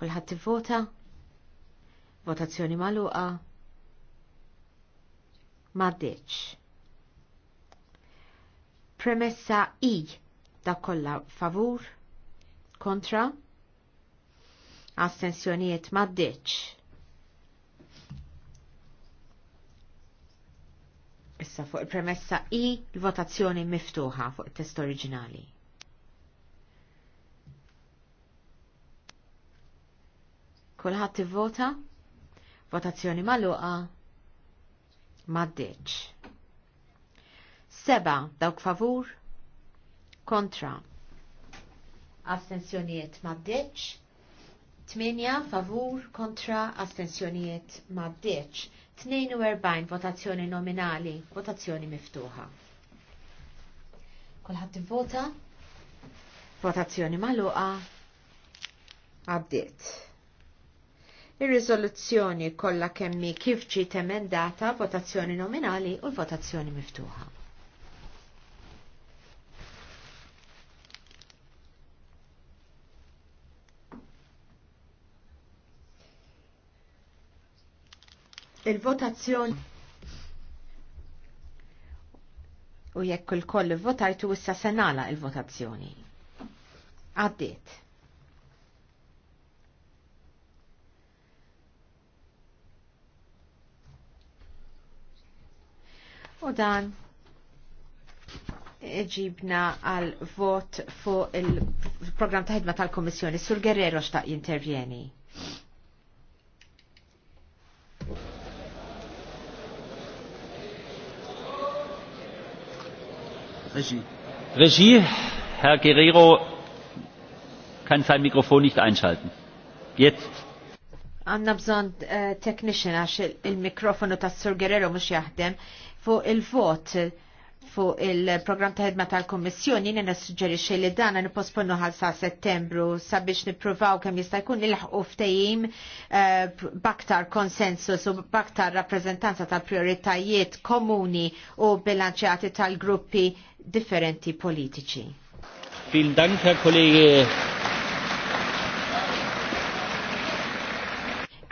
Kulħadd tivvota? Votazzjoni maluqa? maddeċ. Premessa I da kolla favur kontra astensjonijiet maddeċ. Issa fuq il-premessa I l-votazzjoni miftuħa fuq il-test oriġinali. Kulħadd ivvota? Votazzjoni magħluqa? maddeċ. Seba, dawk favur, kontra, astensjonijiet maddeċ. Tminja, favur, kontra, astensjonijiet maddeċ. 42 votazzjoni nominali, votazzjoni miftuħa. Kolħat vota, votazzjoni maluqa, għaddiet. Ir-riżoluzzjoni kollha mi kif ġiet emendata votazzjoni nominali u l-votazzjoni miftuħa. il-votazzjoni u jekk il-koll votajtu issa senala il-votazzjoni. Għaddiet. U dan ġibna għal vot fu il-program ta' ħidma tal-Komissjoni. Sur Guerrero xtaq jintervjeni. Regie. Regie, Herr Guerrero kann sein Mikrofon nicht einschalten. Jetzt. Għanna bżon eh, technician għax il-mikrofonu ta' Sur Guerrero mux jaħdem fuq il-vot fuq il-program ta' ħedma tal-Kommissjoni nina suġġerixi li dana niposponu għal sa' settembru sabiex niprovaw kemm jista' jkun nilħqu ftehim eh, baktar konsensus u baktar rappreżentanza tal-prioritajiet komuni u bilanċjati tal-gruppi differenti politiċi. Fil Dank, Herr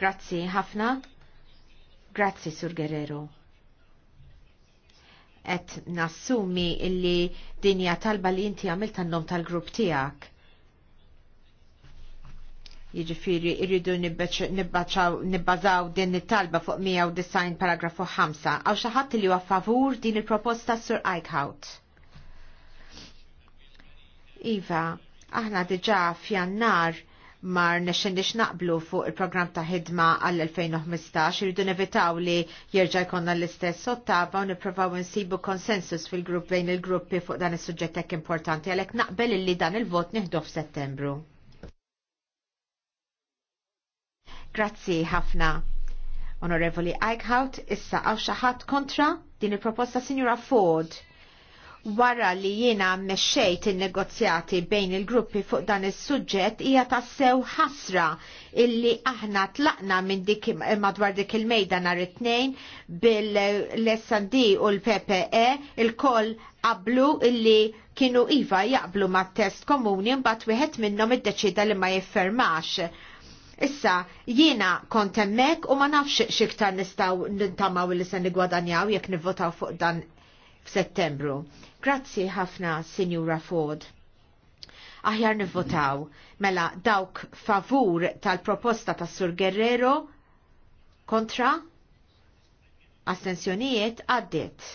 Grazzi ħafna. Grazzi, Sur Guerrero. Et nassumi illi dinja talba li inti għamil tannom tal-grupp tijak. Jiġifiri, irridu nibbazaw din it-talba fuq 190 paragrafu 5. Għaw xaħat li huwa favur din il-proposta Sur Eichhout. Iva, aħna diġa fjannar mar nexxendix naqblu fuq il-programm ta' ħidma għall-2015 irridu nevitaw li jerġa' jkollna l-istess ottava u nipprovaw insibu konsensus fil-grupp bejn il-gruppi fuq dan is-suġġett hekk importanti għalhekk naqbel li dan il-vot nieħdu f'Settembru. Grazzi ħafna. Onorevoli Eichhout, issa għaw xaħat kontra din il-proposta Signora Ford wara li jiena mexxejt in-negozjati bejn il-gruppi fuq dan is-suġġett hija tassew ħasra illi aħna tlaqna minn dik madwar dik il-mejda nhar it-tnejn bil-SND u l-PPE il-koll qablu illi kienu iva jaqblu ma' test komuni mbagħad wieħed minnhom iddeċida li ma jiffermax. Issa, jiena kont hemmhekk u ma nafx xiktar nistgħu nintamaw li se nigwadanjaw jekk nivvotaw fuq dan Settembru. Grazzi ħafna, Sinjura Ford aħjar nivvotaw mela dawk favur tal-proposta ta' Sur Guerrero kontra astensjonijiet għaddit.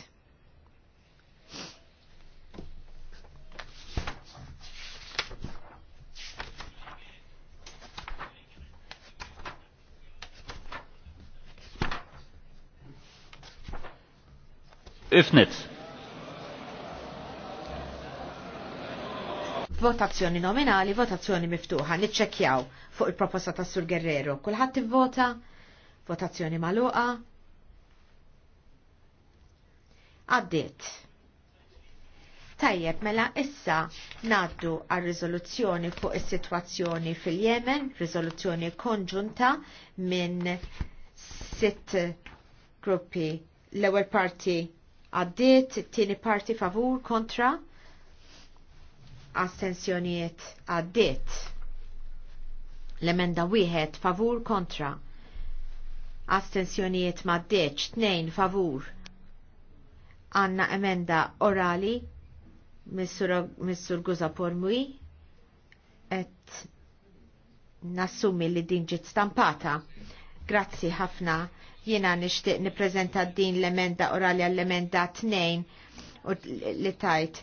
If not. Votazzjoni nominali, votazzjoni miftuħa, niċċekjaw fuq il-proposta ta' Sur Guerrero. Kulħadd ivvota, votazzjoni maluqa. Għaddiet. Tajjeb, mela issa naddu għal riżoluzzjoni fuq is-sitwazzjoni fil-Jemen, riżoluzzjoni konġunta minn sitt gruppi. L-ewwel parti għaddiet, it-tieni parti favur kontra astensjonijiet għaddit. L-emenda wieħed favur kontra. Astensjonijiet maddeċ tnejn favur. Għanna emenda orali Missur Guza Pormui et nassumi li din ġit stampata. Grazzi ħafna jiena nixtieq nippreżenta din l-emenda orali għall-emenda tnejn u li tajt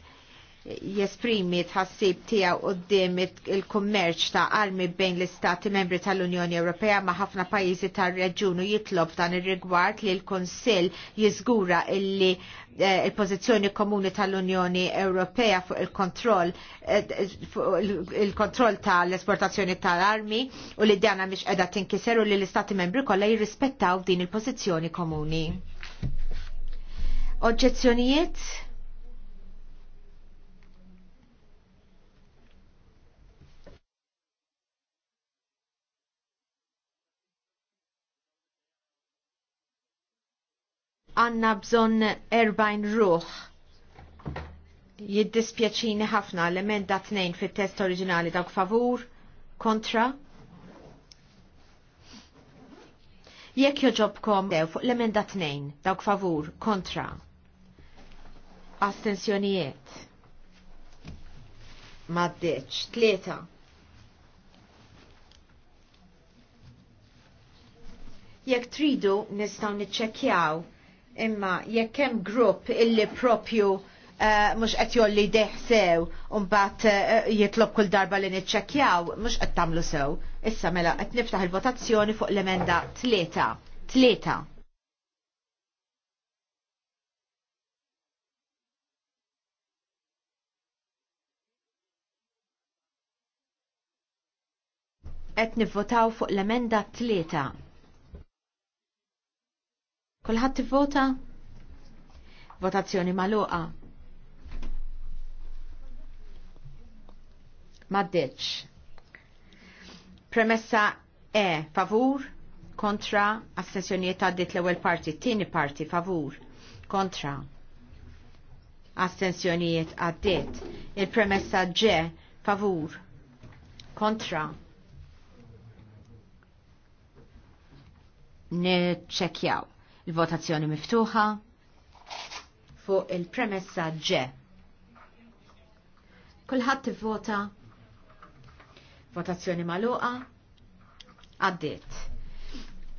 jesprimi tħassib tiegħu qoddim il-kummerċ ta' armi bejn l-istati membri tal-Unjoni Ewropea ma' ħafna pajjiżi tar-reġjun u jitlob dan ir-rigward li l-Kunsill jiżgura illi eh, il-pożizzjoni komuni tal-Unjoni Ewropea fuq il-kontroll eh, il-kontroll tal-esportazzjoni tal-armi u li d-djana mhix qiegħda tinkiser u li l-istati membri kollha jirrispettaw din il-pożizzjoni komuni. Oġġezzjonijiet? għanna bżon erbajn ruħ. Jiddispjaċini ħafna l-emenda t-nejn fit-test oriġinali dawk favur, kontra. Jekk joġobkom dew eh, fuq l-emenda t-nejn dawk favur, kontra. Astensjonijiet. Maddeċ, tlieta. Jekk tridu nistgħu niċċekkjaw Imma jekk hemm grupp illi propju eh, mhux qed jolli deħ sew unbat eh, jitlob kull darba li niċċekkjaw mux qed tamlu sew. Issa mela qed niftaħ il-votazzjoni fuq l-emenda tlieta. Tlieta. Qed nivvotaw fuq l-emenda tlieta. Kulħadd tivvota? Votazzjoni magħluqa. Maddeċ. Premessa E, favur, kontra, assessjoniet għaddit l-ewwel parti, tieni parti, favur, kontra. Astensjonijiet għaddit. Il-premessa G, favur, kontra. Neċċekjaw. Il-votazzjoni miftuħa fuq il-premessa ġe. Kulħadd tivvota votazzjoni maluqa għaddiet.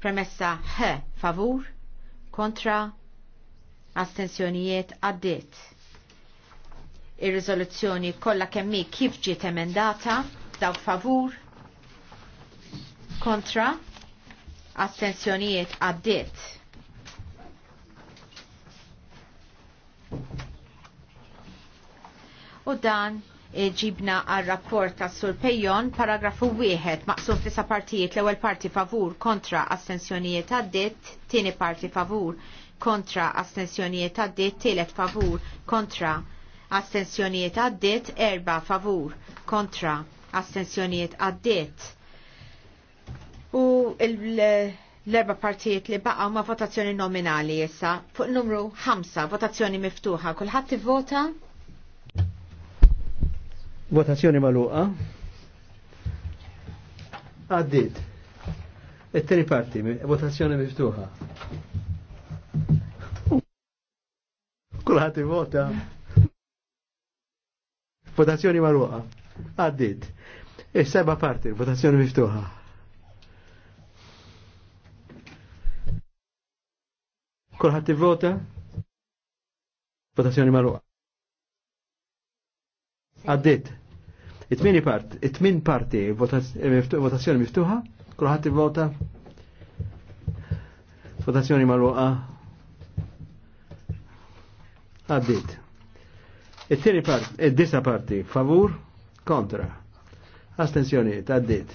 Premessa H favur kontra astensjonijiet għaddiet. Ir-riżoluzzjoni kollha kemmi kif ġiet emendata dawk favur kontra astensjonijiet għaddiet. u dan ġibna għal rapport ta' Sur Pejjon, paragrafu wieħed maqsum fisa partijiet l ewwel parti favur kontra astensjonijiet għaddit, tini parti favur kontra astensjonijiet għaddit, tielet favur kontra astensjonijiet għaddit, erba favur kontra astensjonijiet għaddit. U l-erba partijiet li baqgħu ma' votazzjoni nominali issa fuq numru 5 votazzjoni miftuħa. Kulħadd ivvota? vota Votazzjoni maluqa. Għaddit. Il-teni parti, votazzjoni miftuħa. Kulħati vota. Votazzjoni maluqa. Għaddit. Il-seba parti, votazzjoni miftuħa. Kulħat vota. Votazzjoni maluqa. Għaddit. It-tmini part, it-tmin parti eh, votazzjoni miftuħa, kulħadd ivvota. Votazzjoni magħluqa. Għaddit. It-tieni part, id-disa parti, favur, kontra. Astenzjonijiet, għaddit.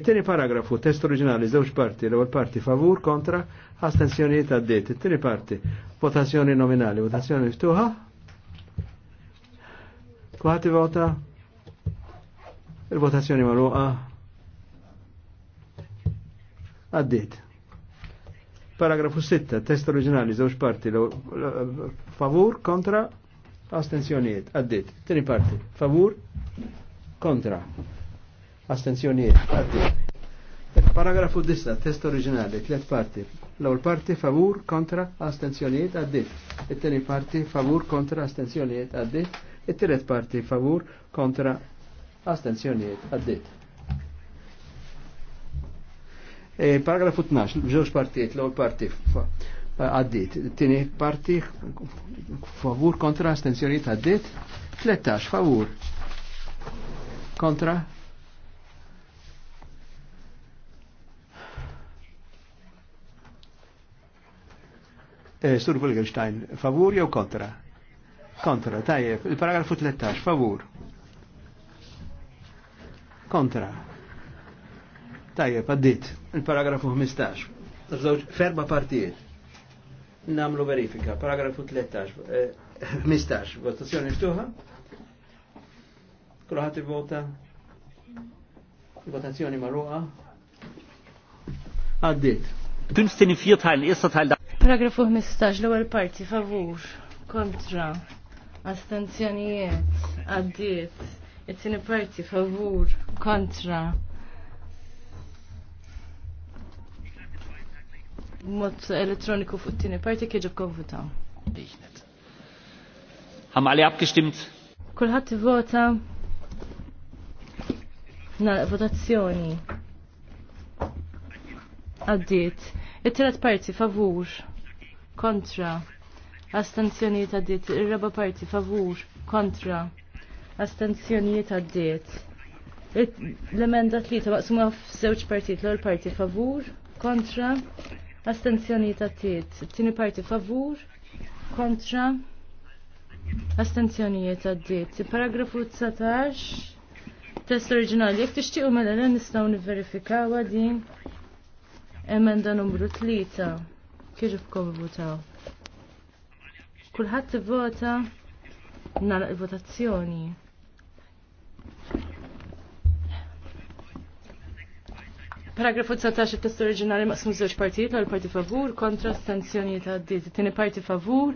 It-tieni paragrafu, test oriġinali, żewġ parti, l-ewwel parti favur, kontra, astensjonijiet għaddit. It-tieni parti, votazzjoni nominali, votazzjoni miftuħa. Kuħati vota? Il-votazzjoni marruqa għaddit. Paragrafu 6, test oriġinali, żewġ parti, favur, kontra, astenzjoniet, għaddit. Tini parti, favur, kontra, astenzjoniet, għaddit. Paragrafu 10, test oriġinali, tliet parti. l għol parti favur, kontra, astenzjoniet, għaddit. It-tieni parti favur, kontra, astenzjoniet, għaddit. it parti favur, kontra, astenzjoniet għaddit. E, paragrafu 12, ġewġ partijiet, l-ewwel parti għaddit, tieni parti favur kontra astenzjoniet għaddit, 13 favur kontra e, Sur Wilgenstein, favur jew kontra? Kontra, tajjeb, il-paragrafu 13, favur kontra. Tajjeb, għaddit, il-paragrafu 15. Żewġ ferba partijiet. Namlu verifika, paragrafu 13, 15, eh, votazzjoni ftuħa. Kulħadd vota. Votazzjoni marruqa. Għaddit. Fünfzehn fjotħal, jessa tħal da. Paragrafu 15, l-ewwel parti, favur, kontra, astenzjonijiet, għaddit it parti favur kontra mod elettroniku fuq it-tieni parti kieġu konvuta. Haben alle abgestimmt? Kulħadd ivota na votazzjoni. Għaddiet. It-tielet parti favur kontra. Astanzjonijiet għaddiet. ir-raba parti favur kontra astenzjonijiet għaddiet. L-emenda tlieta għaf f'żewġ partit, l-ewwel parti favur, kontra, astenzjonijiet għaddiet. Tini tieni parti favur, kontra, astenzjonijiet għaddiet. Paragrafu 19, test oriġinali, jekk tixtiequ mela nistgħu nivverifikaw din emenda numru tlieta Kieġu f'kom votaw? Kulħadd ivvota nagħlaq il-votazzjoni. Paragrafu 19 test oriġinali maqsmu żewġ partijiet l parti favur kontra astenzjonijiet għaddit. Tieni parti favur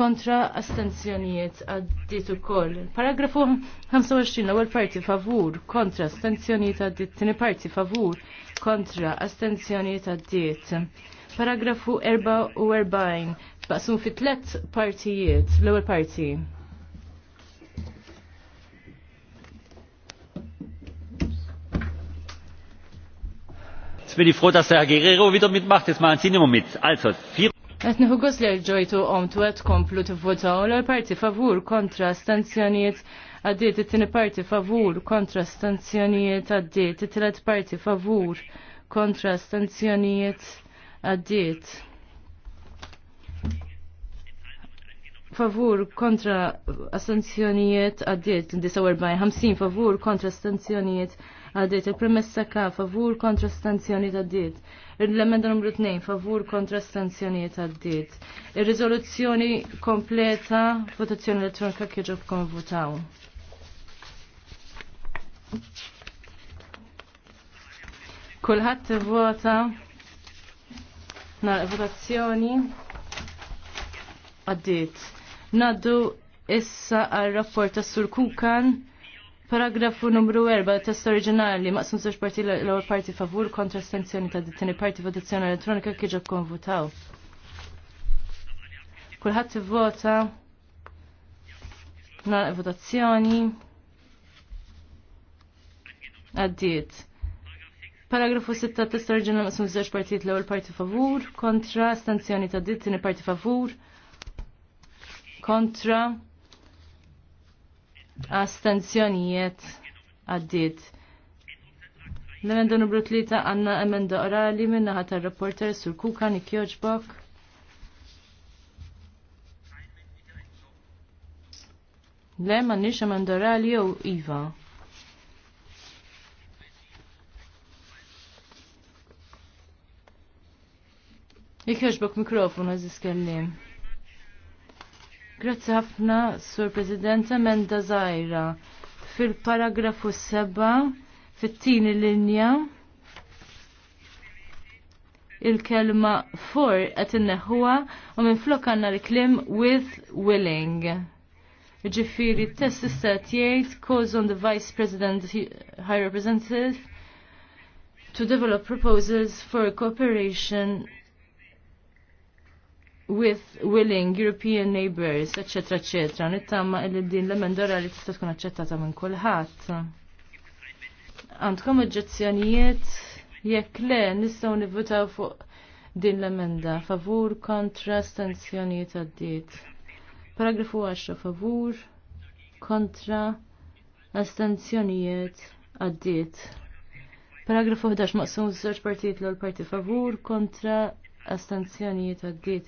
kontra astenzjonijiet għaddiet ukoll. Paragrafu 25 l-ewwel parti favur kontra astenzjonijiet għaddit. Tieni parti favur kontra astenzjonijiet għaddit. Paragrafu 44 maqsmu fi tliet partijiet l-ewwel parti. Jetzt bin ich froh, dass der Herr Guerrero wieder mitmacht. Jetzt machen Sie nicht mehr mit. Also, vier. Għet nħu li ġojtu għom tuħet komplu t-votaw l-parti favur kontra stanzjonijiet għaddiet it-tini parti favur kontra stanzjoniet għaddit it tini parti favur kontra stanzjoniet għaddit it tret parti favur kontra stanzjoniet għaddit Favur kontra stanzjoniet għaddit l-49, disawar 50 favur kontra stanzjonijiet għadiet il-premessa ka favur kontra stanzjoni ta' ditt. Il-lemenda numru 2 favur kontra stanzjoni ta' ditt. Il-rizoluzzjoni kompleta votazzjoni elettronika kieġob kom votaw. Kulħadd vota nar votazzjoni għaddiet. Naddu issa għal rapport tas Sur Kukan Paragrafu numru 4, test oriġinali, maqsum zoċ parti l ewwel parti favur kontra estensjoni ta' dittini parti votazzjoni elettronika kieġa konvutaw. Kulħadd ivvota nara votazzjoni għaddiet. Paragrafu 6 test oriġinali maqsum zoċ partijiet l ewwel parti favur kontra estensjoni ta' dittini parti favur kontra astenzjonijiet għaddit. L-emenda numru 3 għanna emenda orali minna ħata reporter sur Kuka Nikjoġbok. Le, ma nix emenda orali jew Iva. Nikjoġbok mikrofonu għaziz kellim. Grazzi ħafna, Sur President, emenda zaħira. Fil-paragrafu 7, fit-tini linja, il-kelma for qed inneħħuha u minn flok għandna l-klim with willing. Ġifiri test issa jgħid cause on the Vice President High Representative to develop proposals for cooperation with willing European neighbors, etc. etc. Nittama illi din l-emenda li tista' tkun aċċettata minn kulħadd. Għandkom oġġezzjonijiet jekk le nistgħu nivvutaw fuq din l-emenda favur kontra stanzjonijiet għaddiet. Paragrafu 10 favur kontra astanzjonijiet għaddiet. Paragrafu 11 maqsum żewġ partijiet l parti favur kontra Astanzjonijiet għaddit.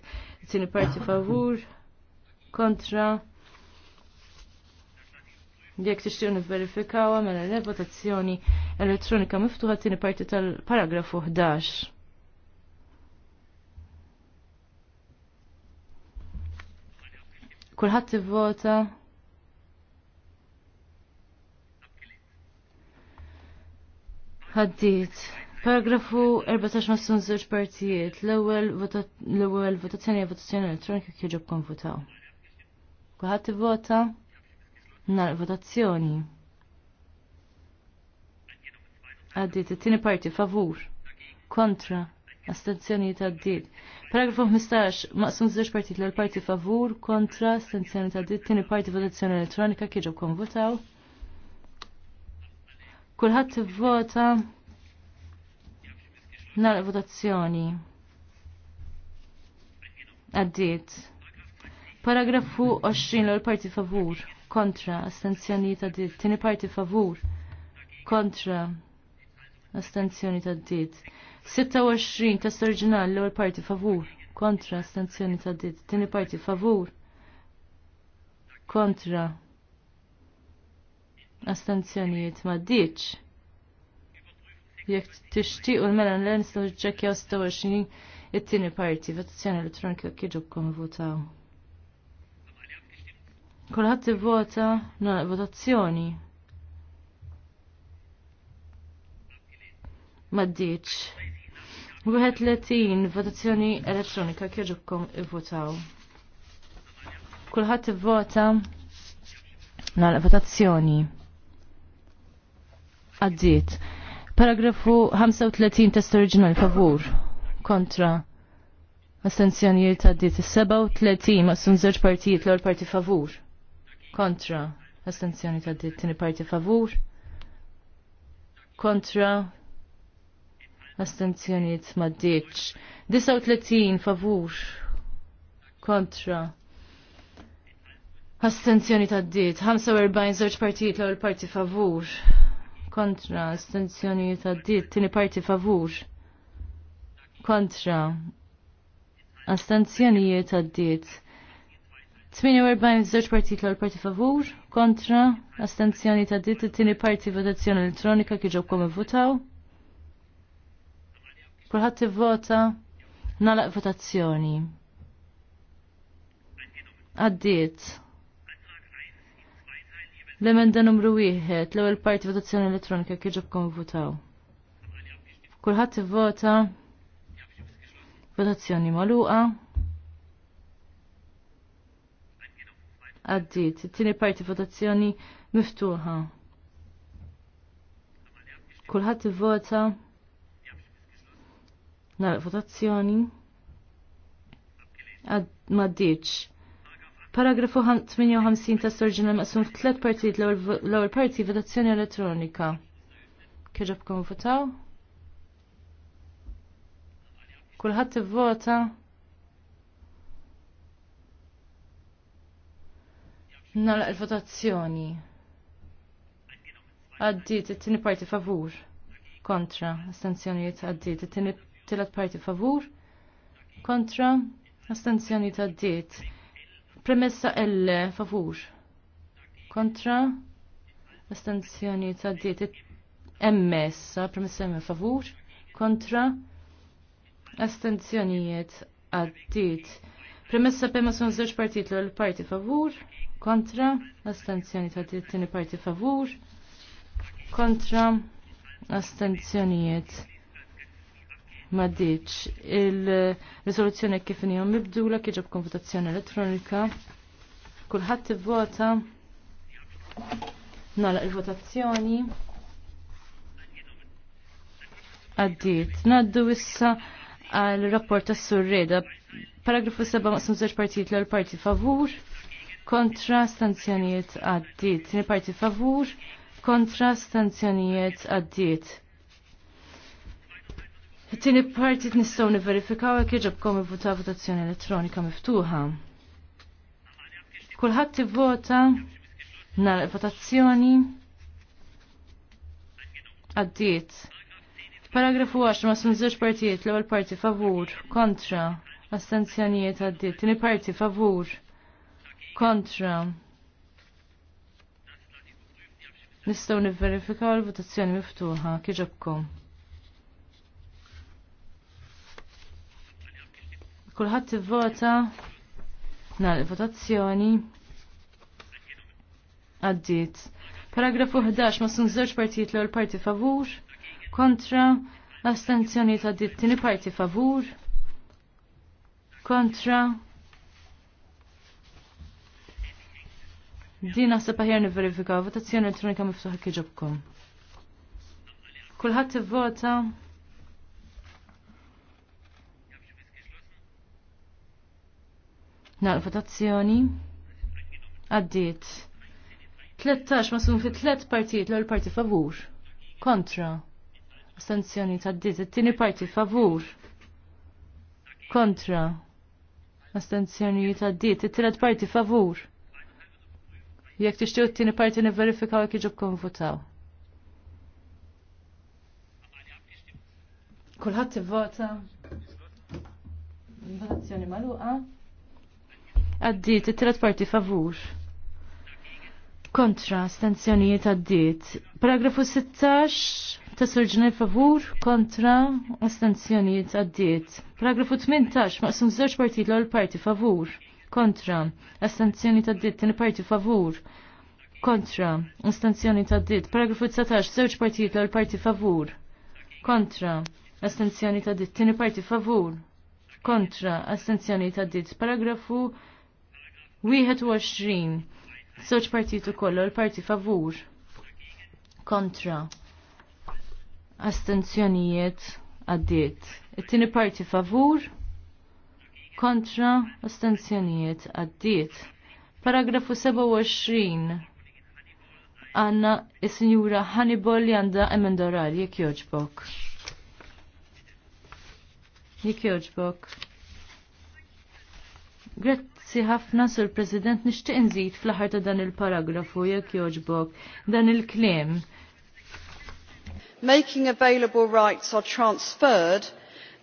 Tini parti favur, kontra. Jek tixtiju nifverifikawa mela l-votazzjoni elettronika miftuħa tini parti tal-paragrafu 11. Kulħadd ivvota. Ħaddiet. Paragrafu 14 ma' sun partijiet. L-ewwel votazzjoni e votazzjoni elettronika kieġob jiġu Kuħat vota ivvota nhar votazzjoni. Għaddit, it-tieni parti favur. Kontra. Astenzjoni ta' għaddit. Paragrafu 15. Maqsum zewġ partijiet l parti favur, kontra, astenzjoni ta' għaddit, t Tieni parti votazzjoni elettronika kieġob jiġu Kuħat Kulħadd ivvota. vota Nar votazzjoni. Għaddiet. Paragrafu 20 l-parti favur. Kontra. Astenzjoni ta' dit. Tini parti favur. Kontra. Astenzjoni ta' dit. 26 test oriġinali l parti favur, kontra astenzjoni ta' dit, tieni parti favur, kontra astenzjonijiet ma' ditx jekk tixtieq u l-mela l nistgħu ċekkjaw 26 it-tieni parti votazzjoni elettronika kieġobkom votaw. Kulħadd ivvota no votazzjoni. Maddiċ. 31 votazzjoni elettronika kieġobkom ivvotaw. Kulħadd ivvota nagħlaq votazzjoni. Għaddiet. Paragrafu 35 test oriġinali favur kontra astenzjonijiet għaddit 37 sun żewġ partijiet l-ewwel parti favur. Kontra astenzjoni għaddit tieni parti favur. Kontra astenzjonijiet m'għaddiċ. 39 favur. Kontra astenzjoni għaddit 45 żewġ partijiet l-ewwel parti favur kontra astenzjonijiet dit, tini parti favur kontra astenzjonijiet dit. 48 żewġ partit l parti favur, kontra, astenzjoni ta' dit it-tieni parti votazzjoni elettronika kif ġobkom votaw. Kulħadd vota. nalaq votazzjoni. Għaddiet. L-emenda numru wieħed, l-ewwel parti votazzjoni elettronika kif ġobkom votaw. Kulħadd ivvota votazzjoni magħluqa. Għaddit, it-tieni parti votazzjoni miftuħa. Kulħadd ivvota Nagħlaq votazzjoni. Għad ma Paragrafu 58 ta' sorġina maqsum f'tlet partijiet l-ewwel parti votazzjoni elettronika. Kieġobkom votaw? Kulħadd ivvota. Nalaq il-votazzjoni. Għaddiet it-tieni parti favur. Kontra. Astenzjonijiet għaddiet. it-tieni tielet parti favur. Kontra. Astenzjonijiet għaddiet. Premessa L favur. Kontra. Astenzjoni ta' diet emmessa. Premessa M favur. Kontra. Astenzjonijiet għaddit. Premessa pema son zewġ partit l parti favur, kontra, astenzjoni ta' tini parti favur, kontra, astenzjonijiet ma Il-rizoluzzjoni kif nijom mibdula kieġob konvotazzjoni elettronika. Kulħadd ivvota nala il-votazzjoni. Għaddit, Naddu issa għal rapport tas surreda Paragrafu 7 maqsum żewġ partijiet l-ewwel parti favur kontra stanzjonijiet għaddit. Tieni parti favur kontra stanzjonijiet għaddit. It-tieni partit nistgħu niverifikaw jekk komi vota votazzjoni elettronika miftuħa. Kulħadd ivvota nhar votazzjoni għaddiet. Paragrafu 10 ma' żewġ partijiet l-ewwel parti favur, kontra, astenzjonijiet għaddit. Tieni parti favur, kontra. Nistgħu nivverifikaw l-votazzjoni miftuħa Kieġabkom. Kulħadd vota na l votazzjoni għaddiet. Paragrafu 11 ma sun żewġ partijiet l parti favur, kontra astenzjoni ta' dit tini parti favur, kontra Din naħseb aħjar verifika votazzjoni elettronika miftuħa kieġobkom. Kulħadd vota Nal votazzjoni. Għaddit. 13 masum fi 3 partijiet l-għol parti favur. Kontra. Astenzjoni taddit. Il-tini parti favur. Kontra. Astenzjoni taddit. Il-tret parti favur. Jek tixtiju t-tini parti niverifikaw jek iġob votaw. Kulħat t-vota. Votazzjoni maluqa għaddit it-tret parti favur. Kontra, stanzjonijiet għaddit. Paragrafu 16, tasurġna favur, kontra, stanzjonijiet għaddit. Paragrafu 18, maqsum zoċ parti l parti favur. Kontra, stanzjonijiet għaddit, ditt, tini parti favur. Kontra, astanzjoni ta' Paragrafu 19, zewġ partijiet l parti favur. Kontra, estensjoni ta' ditt, tini parti favur. Kontra, astanzjoni ta' ditt. Paragrafu 21. Soċ partitu kollu l-parti favur. Kontra. Astenzjonijiet għaddiet. It-tini parti favur. Kontra. Astenzjonijiet għaddit. Paragrafu 27. Għanna il sinjura Hannibal li għanda emendorali jek joġbok. Jek joġbok. Gret Grazzi ħafna sur President nixtieq nżid fl-aħħar ta' dan il-paragrafu jekk jogħġbok dan il-kliem. Making available rights are transferred,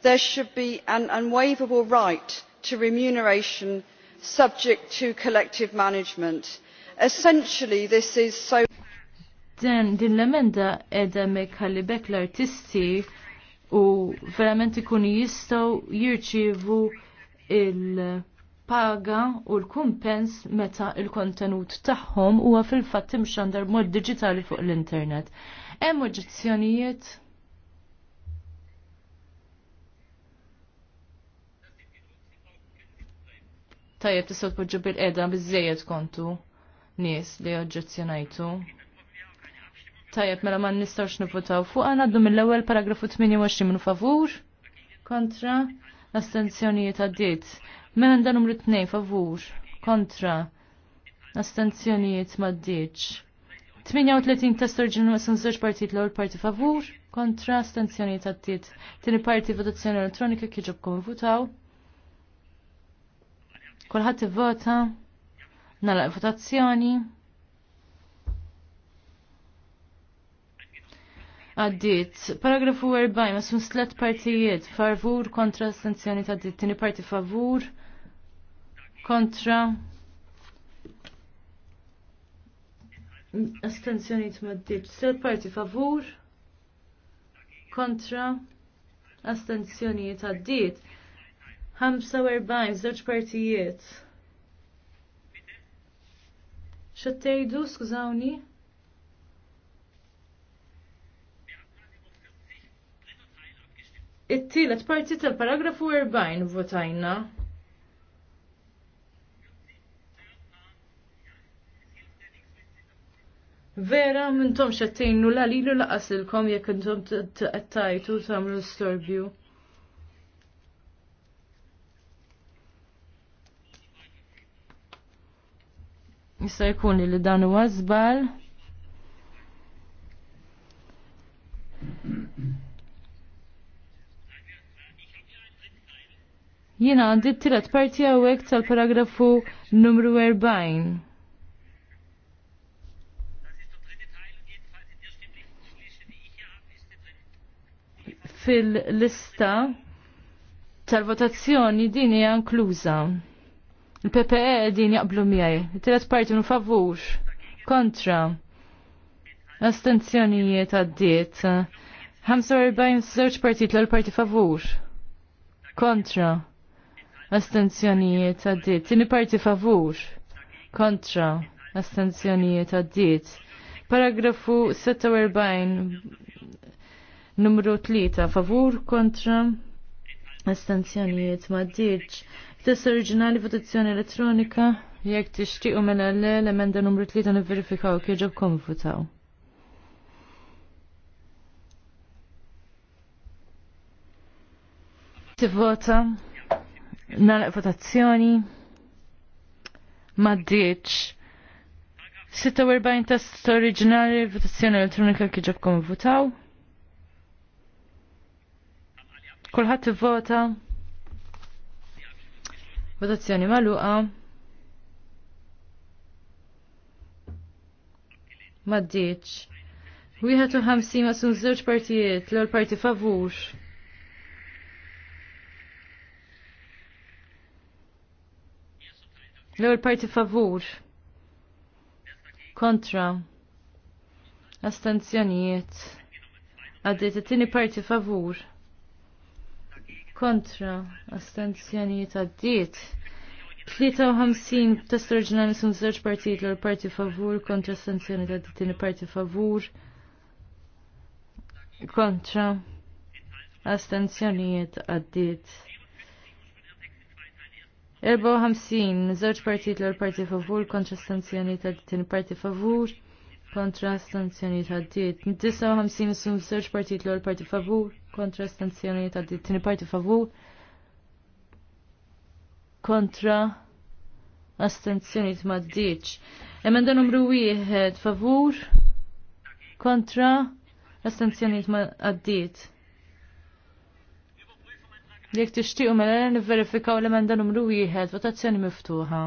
there should be an unwaivable right to remuneration subject to collective management. Essentially this is so Dan din l-emenda edha mekħalli l-artisti u verament ikunu jistaw jirċivu il- il-paga u l-kumpens meta il-kontenut tagħhom huwa fil-fatt imxandar mod diġitali fuq l-internet. Hemm oġġezzjonijiet Tajjeb tistgħu tpoġġu bil-qeda biżejjed kontu nies li oġġezzjonajtu. Tajjeb mela ma nistgħux nivvotaw fuq għandhom mill-ewwel paragrafu 28 minn favur kontra l-astenzjonijiet għaddiet. Mela dan numru 2 favur kontra astenzjonijiet maddiċ. 38 test oriġinu għasan zoċ partit l parti favur kontra astenzjonijiet għaddit. Tini parti votazzjoni elettronika kieġob kom votaw. Kolħat vota nalaq votazzjoni. Għaddit, paragrafu 4 ma sun slet partijiet, favur kontra astenzjonijiet ta' tini parti favur, kontra astenzjoniet maddit Sel parti favur kontra astenzjoniet għaddit 45 żewġ partijiet xattejdu skużawni it-tielet parti tal-paragrafu 40 votajna Vera, mintom xattejnu la li lu laqas kom jek intom t-tajtu tamlu storbju. Jista' jkun li dan huwa żball. Jiena għandi tirat tielet parti hawnhekk tal-paragrafu numru 40. fil-lista tal-votazzjoni din hija inkluża. Il-PPE din jaqblu miegħi. Tiret parti minn favur. Kontra. Astenzjonijiet għaddiet. 45 żewġ partit l parti favur. Kontra. Astenzjonijiet għaddiet. Tini parti favur. Kontra. Astenzjonijiet għaddiet. Paragrafu 46 Numru 3 favur kontra astenzjonijiet ma ddirċ. Test oriġinali votazzjoni elettronika jekk tixtiequ mela l-emenda numru 3 nivverifikaw kif ġobkom votaw. Tivvota nagħlaq votazzjoni ma 46 test oriġinali votazzjoni elettronika kif ġobkom votaw. Kulħadd ivvota. Votazzjoni magħluqa. Maddiċ. 51 sun żewġ partijiet, l-ewwel parti favur. L-ewwel parti favur. Kontra. Astenzjonijiet. Għaddiet it-tieni parti favur kontra astenzjonijiet diet. 53 test oriġinali sun żewġ partijiet l parti favur kontra astenzjoni ta' din parti favur kontra astenzjonijiet għaddiet. 54 żewġ partijiet l parti favur kontra astenzjoni ta' din parti favur kontra astenzjoni ta' għaddiet. 59 sun żewġ partijiet l parti favur kontra astenzjonijiet di Tini parti favur kontra astenzjonijiet maddiċ. Emenda numru wieħed favur kontra astenzjonijiet maddiċ. Jek u mela nivverifikaw l-emenda numru wieħed, votazzjoni miftuħa.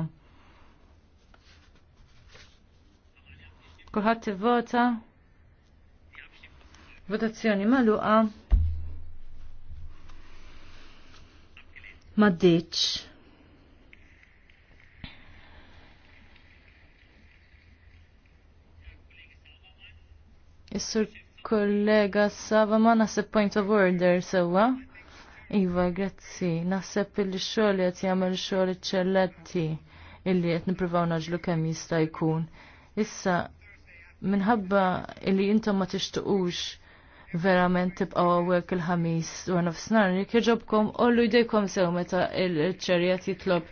Kulħadd ivvota. Votazzjoni magħluqa. ditx. Is-sur kollega Sava ma nasib point of order sewa. Iva, grazzi. Nasib li xogħol qed jagħmel xogħol eċċellenti illi qed nippruvaw naġlu kemm jista' jkun. Issa minħabba illi intom ma tixtuqux verament tibqaw għawek il-ħamis u snar, jek jġobkom ollu jdejkom sew meta il-ċerjat jitlob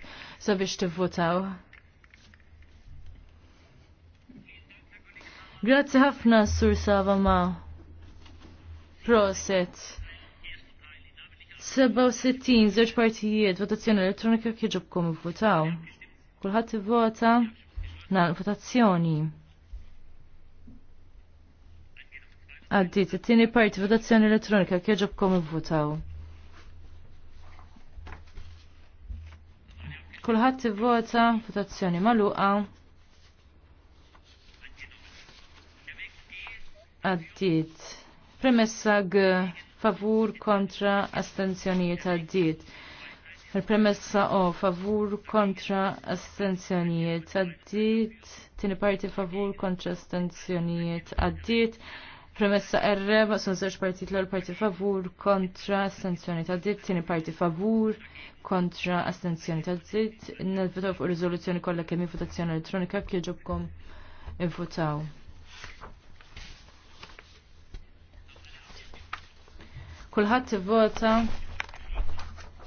sabiex tivvotaw. Grazzi ħafna Sur Sava ma proset. 67 żewġ partijiet votazzjoni elettronika kieġobkom votaw. Kulħadd ivvota nagħlaq votazzjoni. Għaddit, it-tieni parti votazzjoni elettronika kom votaw. Kulħadd ivvota votazzjoni magħluqa. Għaddit. Premessa g favur kontra astenzjonijiet għaddit. Il-premessa o favur kontra astenzjonijiet għaddit, tini parti favur kontra astenzjonijiet għaddit, Premessa R, baqsun zewġ partit l parti favur kontra astenzjoni ta' ditt, tini parti favur kontra astenzjoni ta' ditt, nil-votaw fuq riżoluzzjoni kollha kemm votazzjoni elettronika kieġobkom invutaw. Kulħadd ivvota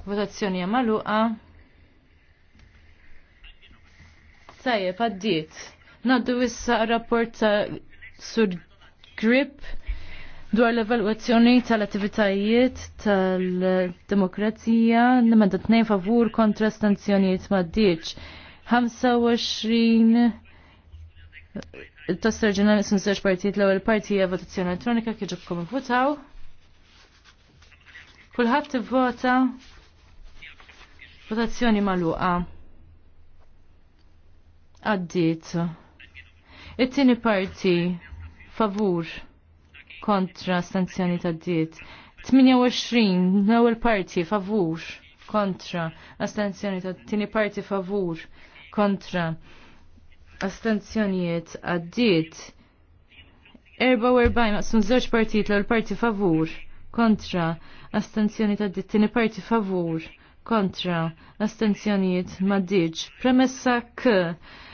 votazzjoni magħluqa. Tajjeb għaddiet. Naddu issa rapport ta' Sur grip dwar l-evalwazzjoni tal-attivitajiet tal-demokrazija l mandat nejn favur kontra stanzjonijiet ma' diċ. 25 tas ġenerali sun search partijiet l ewwel partija votazzjoni elettronika kom votaw. Kulħadd ivvota votazzjoni magħluqa. Għaddiet. It-tieni parti favur kontra sanzjoni ta' diet. 28 l-ewwel parti favur kontra astanzjoni ta' tini parti favur kontra astenzjonijiet għaddiet 44 maqsum żewġ partijiet l parti favur kontra astenzjoni ta' diet tini parti favur kontra astenzjonijiet ma' premessa k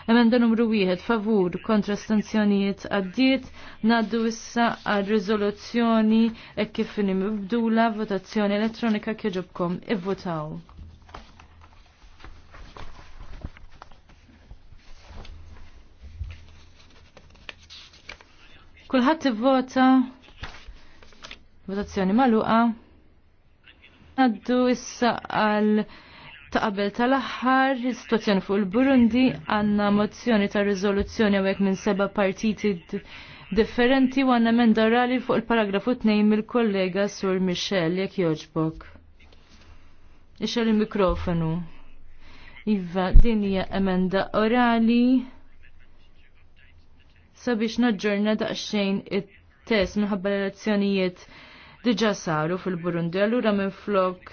Emenda numru 1 favur kontra stanzjonijiet għaddiet naddu issa għal riżoluzzjoni e kif mibdula votazzjoni elettronika kieġobkom ivvotaw. Kulħadd ivvota votazzjoni maluqa. Naddu issa għal ta' qabel tal-aħħar, situazzjoni fuq il-Burundi, għanna mozzjoni ta' rizoluzzjoni għek minn seba partiti differenti u għanna menda orali fuq il-paragrafu 2 mill-kollega Sur Michel, jek joġbok. Ixel il-mikrofonu. Iva, din hija emenda orali sabiex naġġorna daqsxejn it-test minħabba l-elezzjonijiet diġa saru fil-Burundi. Allura minn flok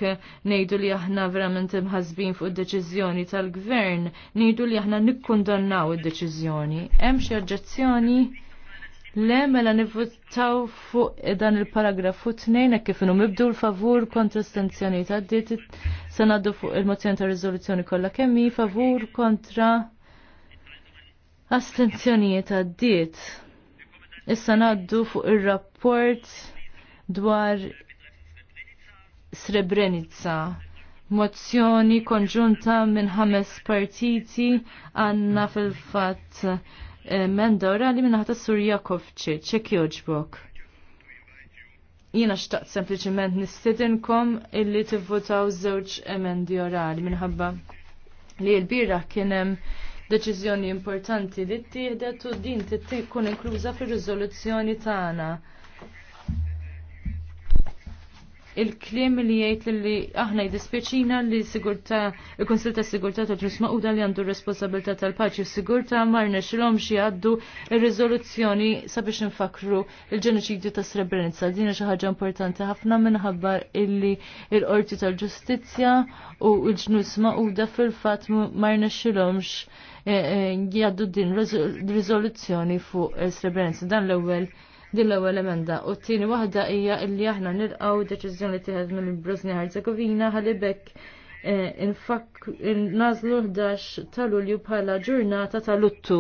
nejdu li aħna verament imħazbin fuq id-deċizjoni tal-gvern, nejdu li aħna nikkundannaw id-deċizjoni. Hemm xi oġġezzjoni le mela nivvotaw fuq dan il-paragrafu tnejn hekk kif inhu mibdu l-favur kontra stanzjoni ta' diet se ngħaddu fuq il-mozzjoni ta' riżoluzzjoni kollha kemm hi favur kontra astenzjonijiet għaddiet. Issa ngħaddu fuq ir-rapport dwar Srebrenica. Mozzjoni konġunta minn ħames partiti għanna fil-fat emenda eh, orali minn ħata Sur Jakovċi, ċek joġbok Jena xtaqt sempliciment nistidinkom illi tivvotaw żewġ emendi orali minħabba li l-bira kienem deċiżjoni importanti li t-tieħdet u din inkluza inkluża fir-riżoluzzjoni tagħna il-klim li jgħid li aħna jdispjaċina li sigurta il-Konsil ta' Sigurta ta' Ġnus Maquda li għandu responsabilità tal-paċi u sigurta marna xilhom xi jgħaddu ir-riżoluzzjoni sabiex nfakru il-ġenoċidju ta' Srebrenica. Dina xi ħaġa importanti ħafna minħabba illi il-Qorti tal-Ġustizzja u l-Ġnus da fil-fatt marna xilhomx eh, eh, jgħaddu din riżoluzzjoni fuq eh, Srebrenica. Dan l-ewwel din l-ewwel emenda. U t-tieni waħda hija li aħna nilqgħu deċiżjoni li tieħed mill-Bosnia Herzegovina ħalli bekk eh, nażlu 11 ta' Lulju bħala ġurnata ta' luttu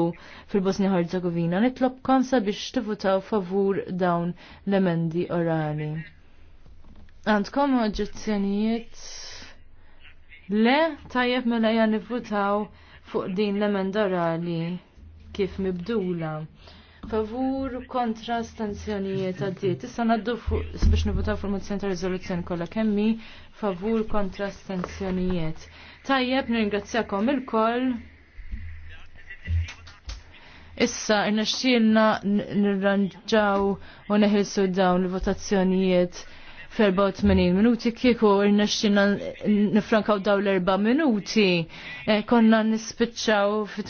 fil-Bosnia Herzegovina. Nitlobkom sabiex tivutaw favur dawn l-emendi orali. Għandkom oġġezzjonijiet? Le, tajjeb mela jan nivutaw fuq din l-emenda orali kif mibdula favur kontra stanzjonijiet għaddiet. Issa naddu biex nivutaw fil mozzjoni ta' riżoluzzjoni kollha kemmi favur kontra stanzjonijiet. Tajjeb nirringrazzjakom il-koll. Issa rnexxielna nirranġaw u neħilsu dawn il-votazzjonijiet f-84 minuti kieku rnexxielna nifrankaw dawn l-erba' minuti. Eh, konna nispiċċaw fit